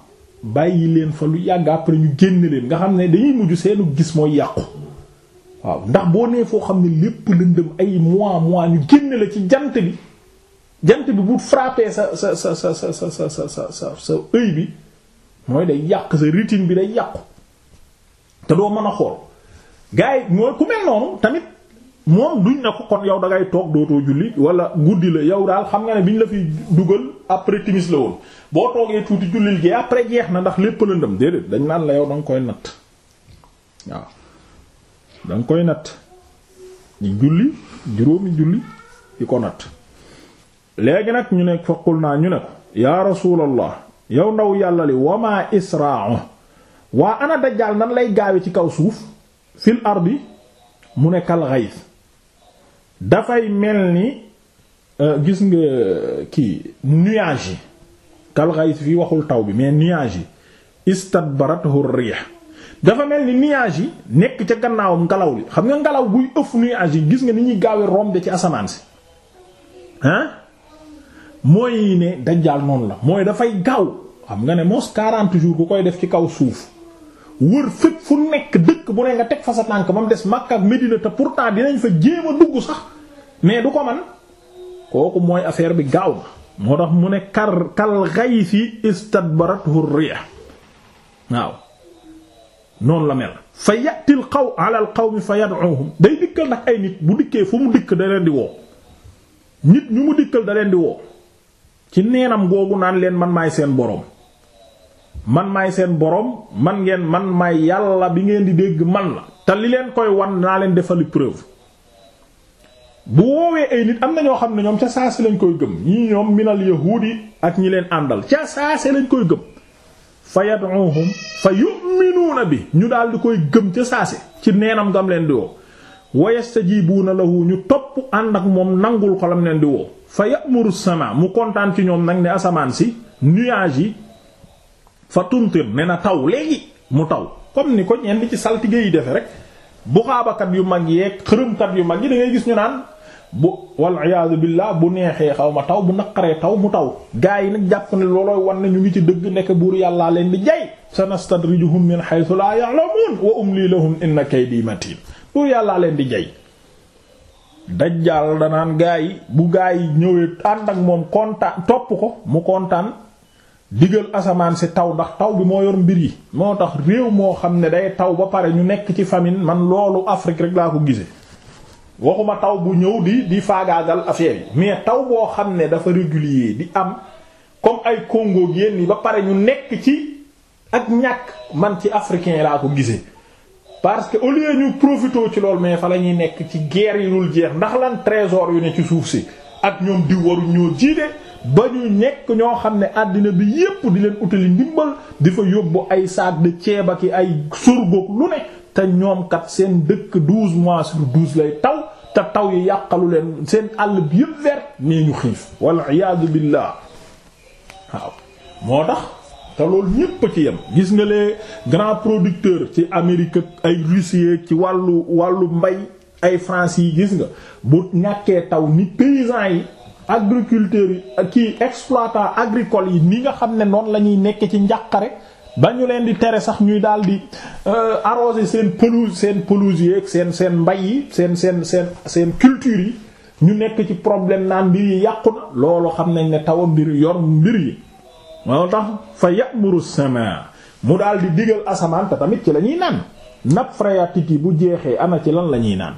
bàyyi leen fa lu yàgg après ñu génn leen nga xam ne dañuy mujj seenu gis mooy yàqu waaw ndax boo nee foo xam ne lépp lëndëm ay mois mois ñu génn la ci jant bi jant bi bu frappé sa sa sa sa sa sa sa sa sa œil bi mooy day yàq sa routine bi day yàqu te doo mën a xool gars yi mooy ku mel noonu tamit moom duñ ne ko kon yow da toog dootoo julli wala guddi la yow daal xam nga ne biñ la fiy dugal après timis la woon boo toogee tuuti julli gi après jeex na ndax lépp lëndëm déedéet dañ naan la yow da koy natt waaw da koy natt ñu julli juróomi julli di ko natt léegi nag ñu ne faqul naa ñu ne ko yaa rasulallah yow ndaw yàlla li wamaa isra'u waa ana dajjaal nan lay gaawe ci kaw suuf fil ardi mu ne kal ghayth dafay mel ni euh, gis nga kii nuage yi kal ghayth waxul taw bi mais nuage yi istadbarathu rih dafa mel ni nuage yi nekk ca gannaawam ngelaw li xam nga ngelaw buy ëff nuage yi gis nga ni ñuy gaawe de ci asamaan si ah mooy ne dajjaal noonu la mooy dafay gaaw xam nga ne mos quarante jours ku koy def ci kaw suuf wër fépp fu nekk dëkk bu ne nga teg fa sa tànk ba mu des Makka ak Medina te pourtant dinañ fa jéem a dugg sax mais du ko man kooku mooy affaire bi gaaw ma moo tax mu ne kar kal ghaythi istadbarathu ar-rih waaw noonu la mel fa yati al qaw ala al qawmi fa yad'uhum day dikkal nag ay nit bu dikkee fu mu dikk da leen di woo nit ñu mu dikkal da leen di woo ci neenam googu naan leen man maay seen boroom man maay seen boroom man ngeen man maay yàlla bi ngeen di dégg man la te li leen koy wan naa leen defali preuve bu woowee ay nit am na ñoo xam ne ñoom ca saase lañ koy gëm ñii ñoom minal yahuudi ak ñi leen àndal ca saase lañ koy gëm fa yad'uhum fa bi ñu daal di koy gëm ca saase ci neenam gam leen di woo wa yastajibuuna lahu ñu topp ànd ak moom nangul ko lam leen di woo fa ya'muru sama mu kontaan ci ñoom nag ne asamaan si nuage yi fa tumtir ne na taw léegi mu taw kom ni ko ñenn ci saltige yi defe rek buxaabakat yu mag yeeg xërëmkat yu mag yi da gis ñu naan bu wal iyaadu billah bu neexee xaw ma taw bu naqaree taw mu taw gaa yi nag jàpp ne loolooy wan ne ñu ngi ci dëgg nekk buur yàllaa leen di jay sanastadrijuhum min haythu la ya'lamun wa umli lahum inna kaydi matin buur yàllaa leen di jay dajjaal danaan gaa yi bu gaa yi ñëwee ànd ak moom kontaan topp ko mu kontaan digal asamaan si taw ndax taw bi moo yor mbir yi moo tax réew moo xam ne day taw ba pare ñu nekk ci famine man loolu Afrique rek laa ko gisee waxuma taw bu ñëw di di faagaagal affaire yi mais taw boo xam ne dafa régulier di am comme ay Congo génn yi ba pare ñu nekk ci ak ñàkk man ci africain laa ko gisee parce que au lieu ñu profité ci lool mais fa la ñuy nekk ci guerre yi dul jeex ndax lan trésor yu ne ci suuf si ak ñoom di waru ñoo jiite ba ñu nekk ñoo xam ne àddina bi yépp di leen utali ndimbal di fa yóbbu ay saak de ceeb ak ay sorghoog lu ne te ñoom kat seen dëkk douze mois sur douze lay taw te taw yi yàqalu leen seen àll bi yëpp vert nee ñu xiif wal iyaadu billah waaw moo tax te loolu ñépp ci yem gis nga les grand producteurs ci Amérique ay Russie ci wàllu wàllu mbay ay France yi gis nga bu ñàkkee taw ni paysans yi agriculteurs yi kii exploitants agricoles yi ni nga xam ne noonu la ñuy nekk ci njàqare ba ñu leen di tere sax ñuy daal di euh, arroser seen pelouse seen pelouse yi ak seen seen mbay yi seen seen seen seen culture yi ñu nekk ci problème naan mbir yi yàqu na loolu xam nañ ne taw mbir yor mbir yi moo tax fa ya'muru sama mu daal di digal asamaan ci la ñuy naan nappe phréatique yi bu jeexee ana ci lan la ñuy naan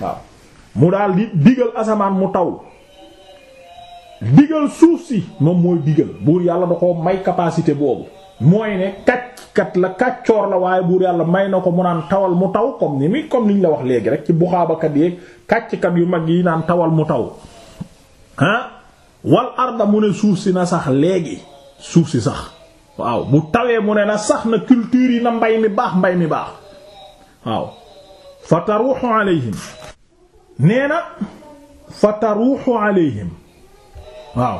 waaw mu daal digal asamaan mu taw digal suuf si moom mooy digal buur yàlla da ko may capacité boobu mooy ne kàckat la kàccoor la waaye buur yàlla may na ko mu naan tawal mu taw comme ni mi comme niñ la wax léegi rek ci buxaabakat yeeg kàcckat yu mag yi naan tawal mu taw ah wal arda mu ne suuf si na sax léegi suuf si sax waaw bu tawee mu ne na sax na culture yi na mbay mi baax mbay mi baax waaw fa taruuxu alayhim nee na fa taruuxu alayhim waaw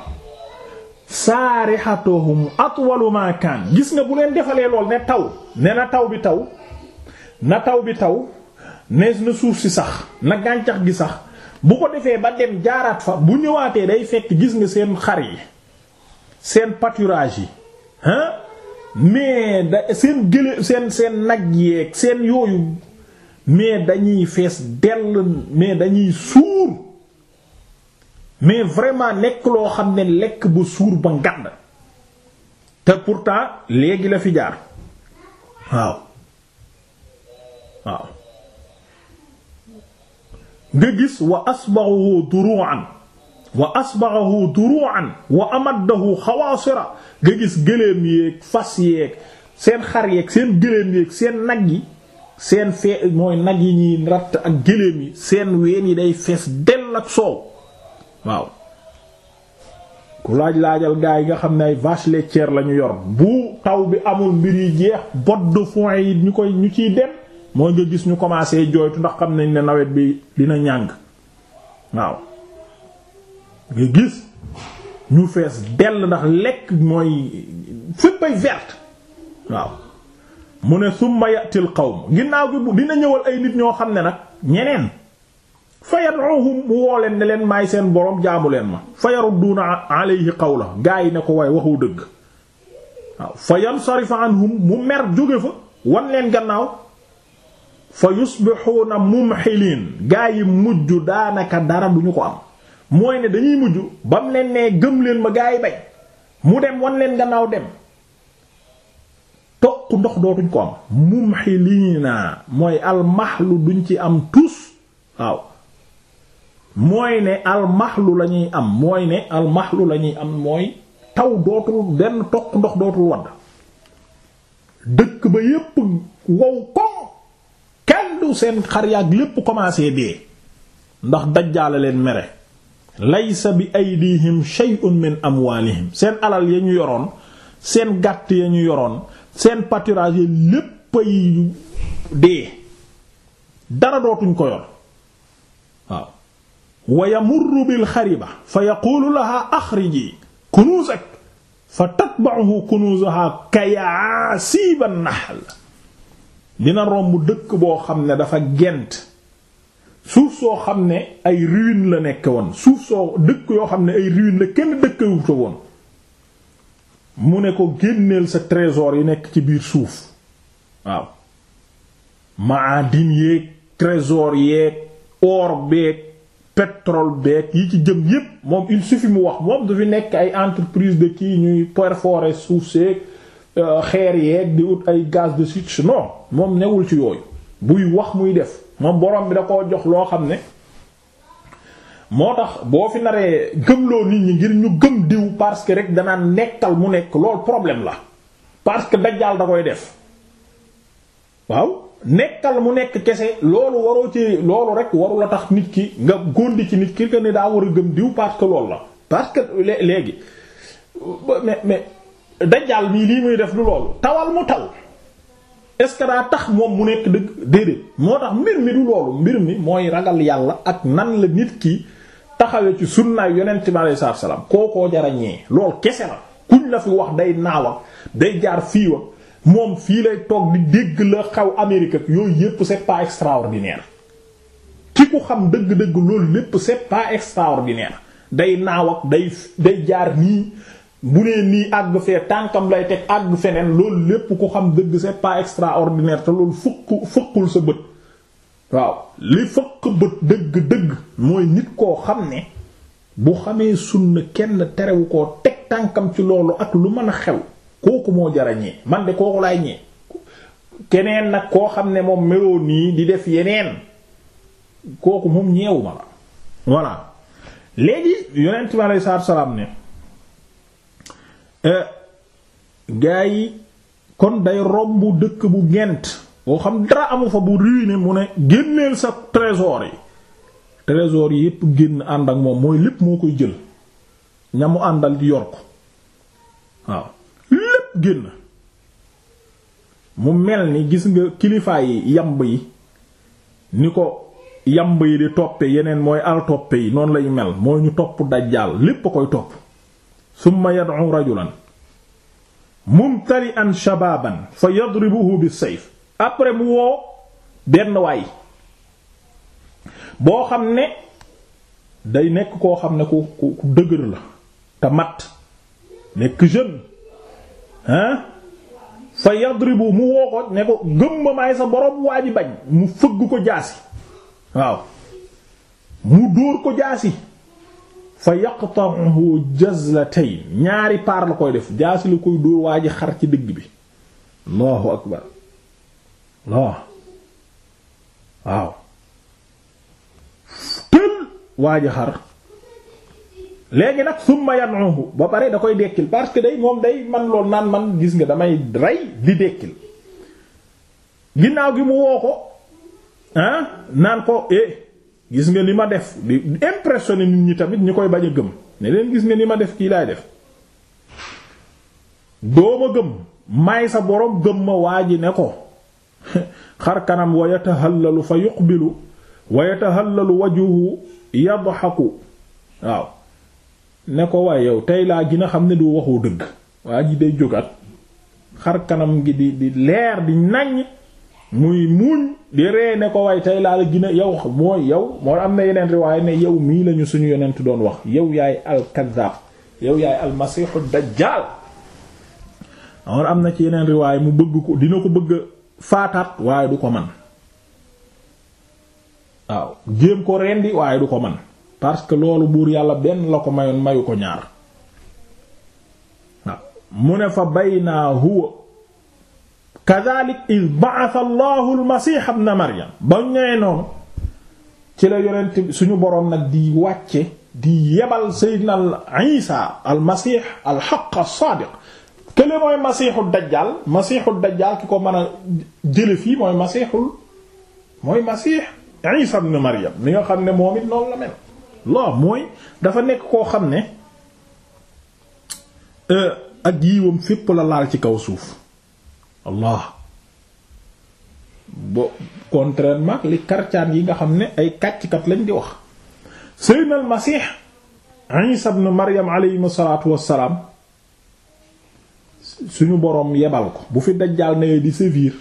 saarihatuhum atwalu ma kan gis nga bu leen defalee lool ne taw ne na taw bi taw na taw bi taw nees na suuf si sax na gàncax gi sax bu ko defee ba dem jaaraat fa bu ñëwaatee day fekk gis nga seen xar yi seen pâturage yi hein mais da seen gële seen seen nag yeeg seen yooyu mais dañuy fees dell mais dañuy suur mais vraiment nekk loo xam ne lekk ba suur ba ngand te pourtant léegi la fi jaar waaw waaw nga gis wa asbaxahu duru'an wa asbaxahu duru'an wa amaddahu xawaasira nga gis gëléem yeeg fas yeeg seen xar yeeg seen gëléem yeeg seen nag yi seen fee mooy nag yi ñuy ratt ak gëléem yi seen ween yi day fees dell ak soow waaw ku laaj laajal gaa yi nga xam ne ay vache laitière lañu ñu yor bu xaw bi amul mbir yi jeex botte de foin yi ñu koy ñu ciy dem mooy nga gis ñu commencé jooytu ndax xam nañ ne nawet bi dina ñàng waaw nga gis ñu fees dell ndax lekk mooy ay verte waaw mu ne summa yatil qawm ginnaaw gi bu dina ñëwal ay nit ñoo xam ne nag ñeneen. fa yad'uhum mu woo leen ne leen maay seen borom jaamu leen ma fa yarudduuna alayhi qawla gaa yi ne ko waaye waxu dëgg waaw fa mu mer jóge fa wan leen gannaaw fa yusbixuuna mumxiliin gaa yi mujj daanaka dara du ñu ko am mooy ne dañuy mujj ba mu leen nee gëm leen ma gaa yi bañ mu dem leen gannaaw dem toq ndox dootuñ ko am mumxiliina mooy almaxlu duñ ci am tus waaw mooy ne almaxlu la ñuy am mooy la ñuy am mooy taw dootul benn toq ndox dootul wadd dëkk ba yépp wow koŋ kenn du seen xar yaag lépp commencé dee ndax dajjaala leen mere laysa bi aydihim shay'un min amwalihim seen alal ya ñu yoroon seen gàtt ya ñu yoroon seen pâturage ya lépp ay dee dara dootuñ ko yor waaw wa yamurru bil xariba fa yaqulu laha axriji kunuuzak fa tatba'uhu kunuuzuha kayaasiba nahl dina romb dëkk boo xam ne dafa gent suuf soo xam ne ay ruine la nekk woon suuf soo dëkk yoo xam ne ay ruine la kenn dëkkawuta woon mu ne ko génneel sa trésor yi nekk ci biir suuf waaw maadin yeeg trésor yeeg or pétrole beeg yi ci jëm yépp moom il suffit mu wax moom du fi nekk ay entreprise de kii ñuy perforer suuf seeg euh, xeer yeeg di ut ay gaz de schiste non moom newul ci yooyu buy wax muy def moom borom bi da koo jox loo xam ne moo tax boo fi naree gëmloo nit ñi ngir ñu gëm diw parce que rek danaa nekkal mu nekk lool problème la parce que dajjaal da koy def waaw nekkal mu nekk kese loolu waroo ci loolu rek warul a tax nit ki nga góndi ci nit ki nga ne daa war a gëm diw parce que loolu la parce que léegi mais mais mii lii muy def du loolu tawal mu taw est-ce daa tax moom mu nekk dëgg déedéet moo tax mbir mi du loolu mbir mi mooy ragal yàlla ak nan la nit ki taxawee ci sunnaay yonent bi alayhi salaam kookoo jarañee loolu kese la kuñ la fi wax day naawa day jaar fiiwa moom fii lay toog di dégg la xaw Amérique ak yooyu yépp c'est pas extraordinaire ki ku xam dëgg-dëgg loolu lépp c'est pas extraordinaire day naaw ak day day jaar nii bu nee nii àgg fee tànkam lay teg àgg feneen loolu lépp ku xam dëgg c'est pas extraordinaire te loolu fëkk fëkkul sa bët waaw li fëkk bët dëgg-dëgg mooy nit koo xam ne bu xamee sunna kenn terewu koo teg tànkam ci loolu ak lu mën a xew kooku moo jara ñee man de kooku laay ñee keneen nag koo xam ne moom meloo nii di def yeneen kooku moom ñeewu ma la voilà léegi yonent bi aleyhi salaatu salaam ne euh, gaa yi kon day romb dëkk bu gent boo xam dara amu fa bu ruiné mu ne génneel sa trésor yi trésor yi yépp génn ànd ak moom mooy lépp moo koy jël ñamu àndal di yor waaw yépp génn mu mel ni gis nga kilifaay yamb yi ni ko yamb yi di toppe yeneen mooy al toppe yi noonu lay mel mooy ñu topp dajjaal lépp a koy topp summa yad'u rajulan an shababan fa yadribuhu bisayf après mu woo benn waay boo xam ne day nekk koo xam ne ku ku dëgër la te mat nekk jeune ah fa yadribu mu woo ko ne ko gëm sa borom waa ji bañ mu fëgg ko jaasi waaw mu dóor ko jaasi fa yaqta'uhu jazlatayn ñaari paar la koy def jaasi la koy dóor waa ji xar ci digg bi allahu akbar laa waaw tël waa xar léegi nag summa yanuhu ba pare da koy dekkil parce que day moom day man lool naan man gis nga damay rey di dekkil ginnaaw gi mu woo ko ah naan ko eh gis nga ni ma def di impressionné nit ñi tamit ñu koy bañ a gëm ne leen gis nga li ma def kii laay def dooma gëm may sa borom gëm ma waa ji ne ko [LAUGHS] xar kanam wa yatahallalu fa yuqbilu wa yatahallalu wajhuhu yadhaku waaw ne ko waaye yow tey laa gina xam ne du waxoo dëgg waa ji day jógaat xar kanam gi di di leer di naññ muy muñ di ree ne ko way tey laa la gën a yow mooy yow moo am na yeneen riwaay ne yow mii lañu suñu yonent doon wax yow yaay alkazab yow yaay almasiixu dajjaal moo am na ci yeneen riwaay mu bëgg ko dina ko bëgg faataat waaye du ko man waaw jéem ko rendi waaye du ko man parce que loolu buur yàlla benn la ko mayoon mayu ko ñaar mu ne fa baynaa huwa kadalik iz ba'atha allahu almasih ibn maryam ba ñëwee noonu ci la yonent suñu boroom nag di wàcce di yebal seydina al isa al masih al saadiq kële mooy masiixu dajjaal masiixu dajjaal ki ko mën a jële fii mooy masiixul mooy masiix isa ibn maryam nga xam ne moom it la mel loo mooy dafa nekk koo xam ne euh, ak yiwam fépp la laal ci kaw suuf allah bo contrairement li karcaan yi nga xam ne ay kàcckat lañ di wax sayyidna al masih isa ibn maryam alayhi salatu wassalaam suñu boroom yebal ko bu fi dajjaal nawee di sévir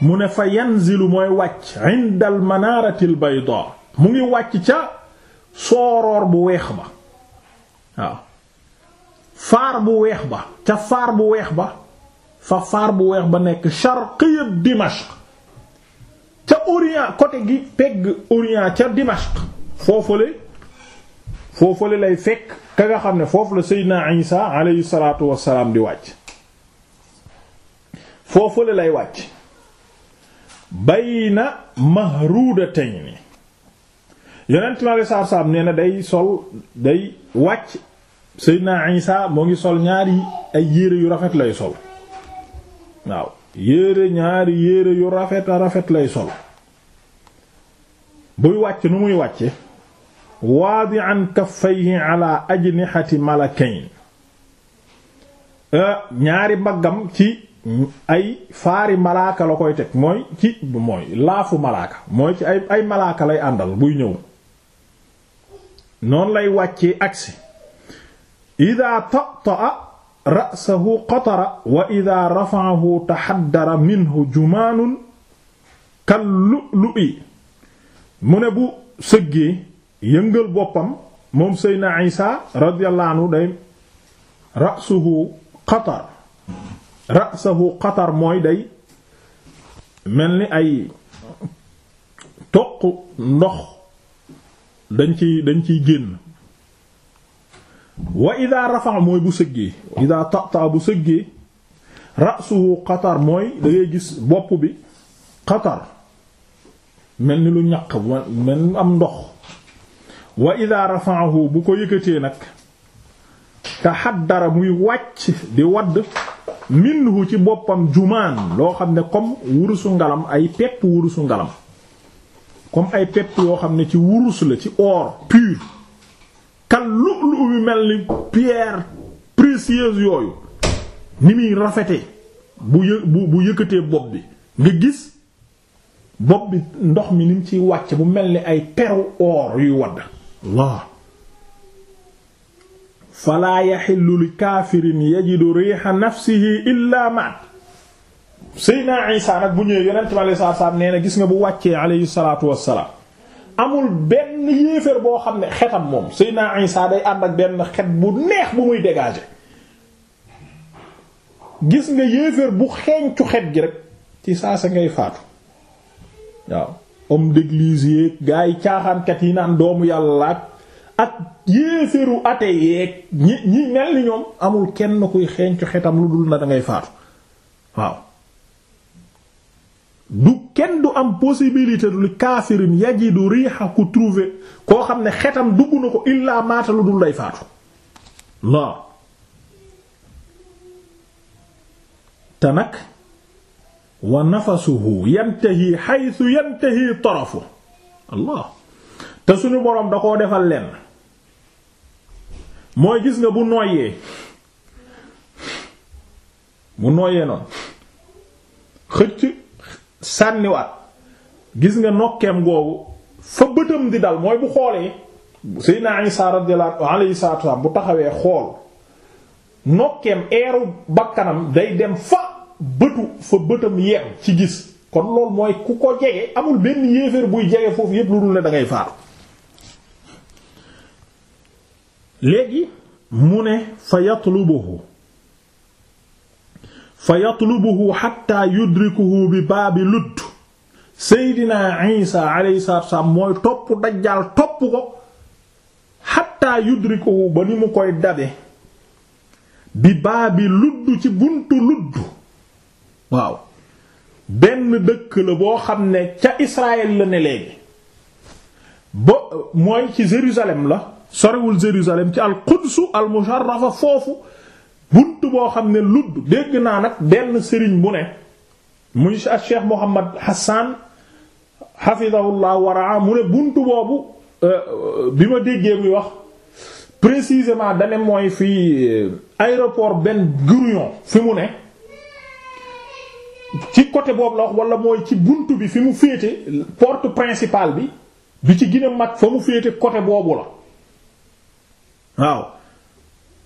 mu ne fa yanzilu mooy wàcc indal manaaratil bayda mu ngi wàcc ca sooroor bu weex ba waaw faar bu weex ba ca faar bu weex ba fa faar bu weex ba nekk sharqiya Dimashq ca orient côté gi pegg orient ca Dimashq foofale lay fekk ka nga xam ne foofu la Seydina Isa alayhi salaatu wassalaam di wàcc foofale lay wàcc bayna mahrudatayni yonent mi saab saab nee na day sol day wàcc sëy Seydina Isa moo ngi sol ñaari ay yéere yu rafet lay sol waaw yére ñaari yére yu rafet a rafet lay sol buy wàcc nu muy wàcce waadi'an kaffayhi ala ajnihati malakayn eh, ñaari mbaggam ci ay faari malaaka la koy teg mooy ci mooy laafu malaaka mooy ci ay malaaka lay àndal buy ñëw noon lay wàccee agsi ida tata rasahu qatara wa ida rafaahu taxaddara minhu jumaanun kal lu'lu'i mu ne bu sëggee yëngal boppam moom seydna isa radiyallahu anhu day rasuhu qatar rasahu qatar mooy day mel ni ay toq ndox dañ ci dañ ciy génn wa ida rafa mooy bu sëggee ida tata bu sëggee rasuhu qatar mooy da gis bopp bi qatar mel ni lu ñaq mel ni am ndox wa ida rafaahu bu ko yëkkatee nag dara muy wàcc di wadd minhu ci boppam jumaan loo xam ne comme wurusu ngalam ay pepp wurusu ngalam comme ay pepp yoo xam ne ci wurus la ci or pur kal lu'lu bi mel ni pierre précieuse yooyu ni muy rafete bu yë yëkkatee bopp bi nga gis bopp bi ndox mi ni mu ciy wàcc bu mel ni ay peru or yuy wadd Allah falaa yaxillu li kaafirin yajidu riixa nafsihi illaa maat Seydina Isa nag bu ñëwee yonent bi alayhi salaatu salaam nee gis nga bu wàccee alayhi salaatu wassalaam amul benn yéeféer boo xam ne xetam moom Seydina Isa day ànd ak benn xet bu neex bu muy dégager gis nga yéeféer bu xeeñcu xet gi rek ci saa sa ngay faatu waaw homme d'église yeeg gaa yi caaxaankat yi naan doomu yàlla laaj ak yéeféeru ate yeeg ñi ñi mel ni ñoom amul kenn kuy xeeñcu xetam lu dul na dangay faatu waaw du kenn du am possibilité lu kaafirin yajidu riixa ku trouver koo xam ne xetam dugg na ko illaa maata lu dul day faatu waaw te nag wa nafasuhu yantahi xaytu yantahi tarafu allah te suñu boroom da koo defal lenn mooy gis nga bu noyyee bu noyyee noonu xëcc sànniwaat gis nga nokkeem googu fa bëtam di dal mooy bu xoolee Seydina Isa radiyallahu alayhi salaam bu taxawee xool nokkeem eeru bakkanam day dem fa bëtu fa bëtam yem ci gis kon loolu mooy ku ko jege amul benn yéeféer buy jege foofu yépp lu dul ne da ngay faar léegi mu ne fa yatlubuhu fa yatlubuhu xatta yudrikuhu bi baabi ludd seydina isa alayhi mooy topp dajjaal topp ko xatta yudrikuhu ba ni mu koy dabe bi baabi ludd ci buntu ludd waaw benn dëkk la boo xam ne ca Israël la ne léegi mooy ci Jérusalem la sorewul Jérusalem ci al Quds foofu bunt boo xam ne ludd dégg naa nag benn sëriñ bu ne muy Cheikh Mohammed Hassan hafidahullah waraa mu ne bunt boobu euh, bi ma déggee muy wax précisément dane mooy fii euh, aéroport benn Gourion fi mu ne ci côté boobu la wax wala mooy ci bunt bi fi mu féete porte principale bi bi ci gën a fa mu féete côté boobu la waaw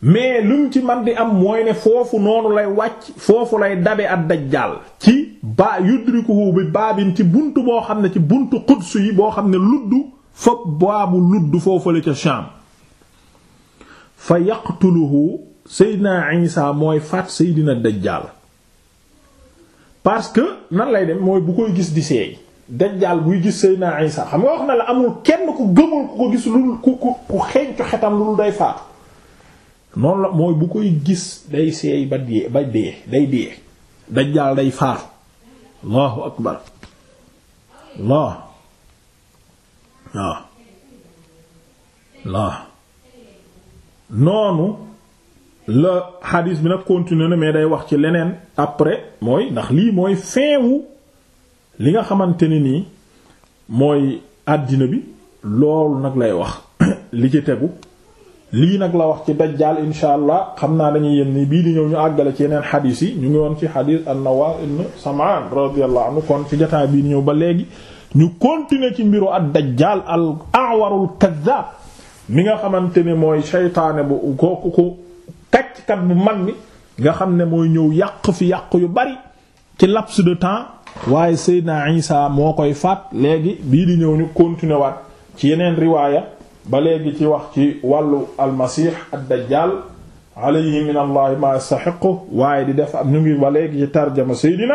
mais lum ci man di am mooy ne foofu noonu lay wàcc foofu lay dabe ak dajjaal ci baa yudrikuhu bi baabin ci bunt boo xam ne ci buntu Quds yi boo xam ne luddu fa baabu luddu foofu la ca Sham fa yaqtuluhu Seydina Isa mooy faat Seydina dajjaal parce que nan lay dem mooy bu koy gis di seey dajjaal buy gis Seydina Isa xam nga wax na la amul kenn ku gëmul ku ko gis lu ku ku xeeñcu xetam lu day faatu noonu la mooy bu koy gis day seey ba dee ba dee day dee dajjaal day faatu allahu akbar allah waaw ah. waaw noonu la xadiis bi nag continuer na mais day wax ci leneen après mooy ndax lii mooy feewu li nga xamante ne nii mooy àddina bi loolu nag lay wax [COUGHS] li ci tegu lii nag la wax ci dajjaal insha allah xam naa dañuy yem ni bii di ñëw ñu àggale ci yeneen xadiis yi ñu ngi woon ci xadiis an-Nawaas ibn Sam'aan radiyallahu anhu kon ci jotaay bii di ñëw ba léegi ñu continuer ci mbiru ad-dajjaal al-a'warul kaddaab mi nga xamante ne mooy seytaane bu kooku ko kàcckat bu mag mi nga xam ne mooy ñëw yàq fi yàq yu bari ci laps de temps waaye Seydina Isa moo koy faat léegi bii di ñëw ñu continuer waat ci yeneen riwaaya ba léegi ci wax ci wàllu almasix ad-dajjal alayhi min allahi ma yastaxiqu waaye di def am ñu ngi ba léegi ci tarjama seydina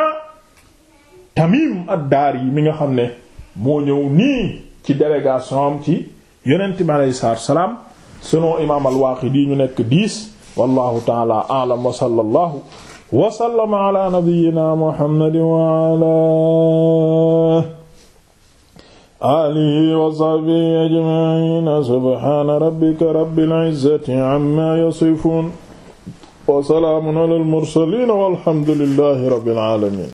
tamim ad-daar yi mi nga xam ne moo ñëw nii ci delegation ci yonent bi aleyhi salaatu wa salaam selon imaam al ñu nekk diis wallahu taala a'lam wa sallallahu wa sallama ala nabiyyina muhammadin wa ala alihi wa sahbihi ajma'ina subhaana rabbika rabbil izzati amma yasifuun wa salaamun alal mursaliin walhamdulillahi rabbil aalamiin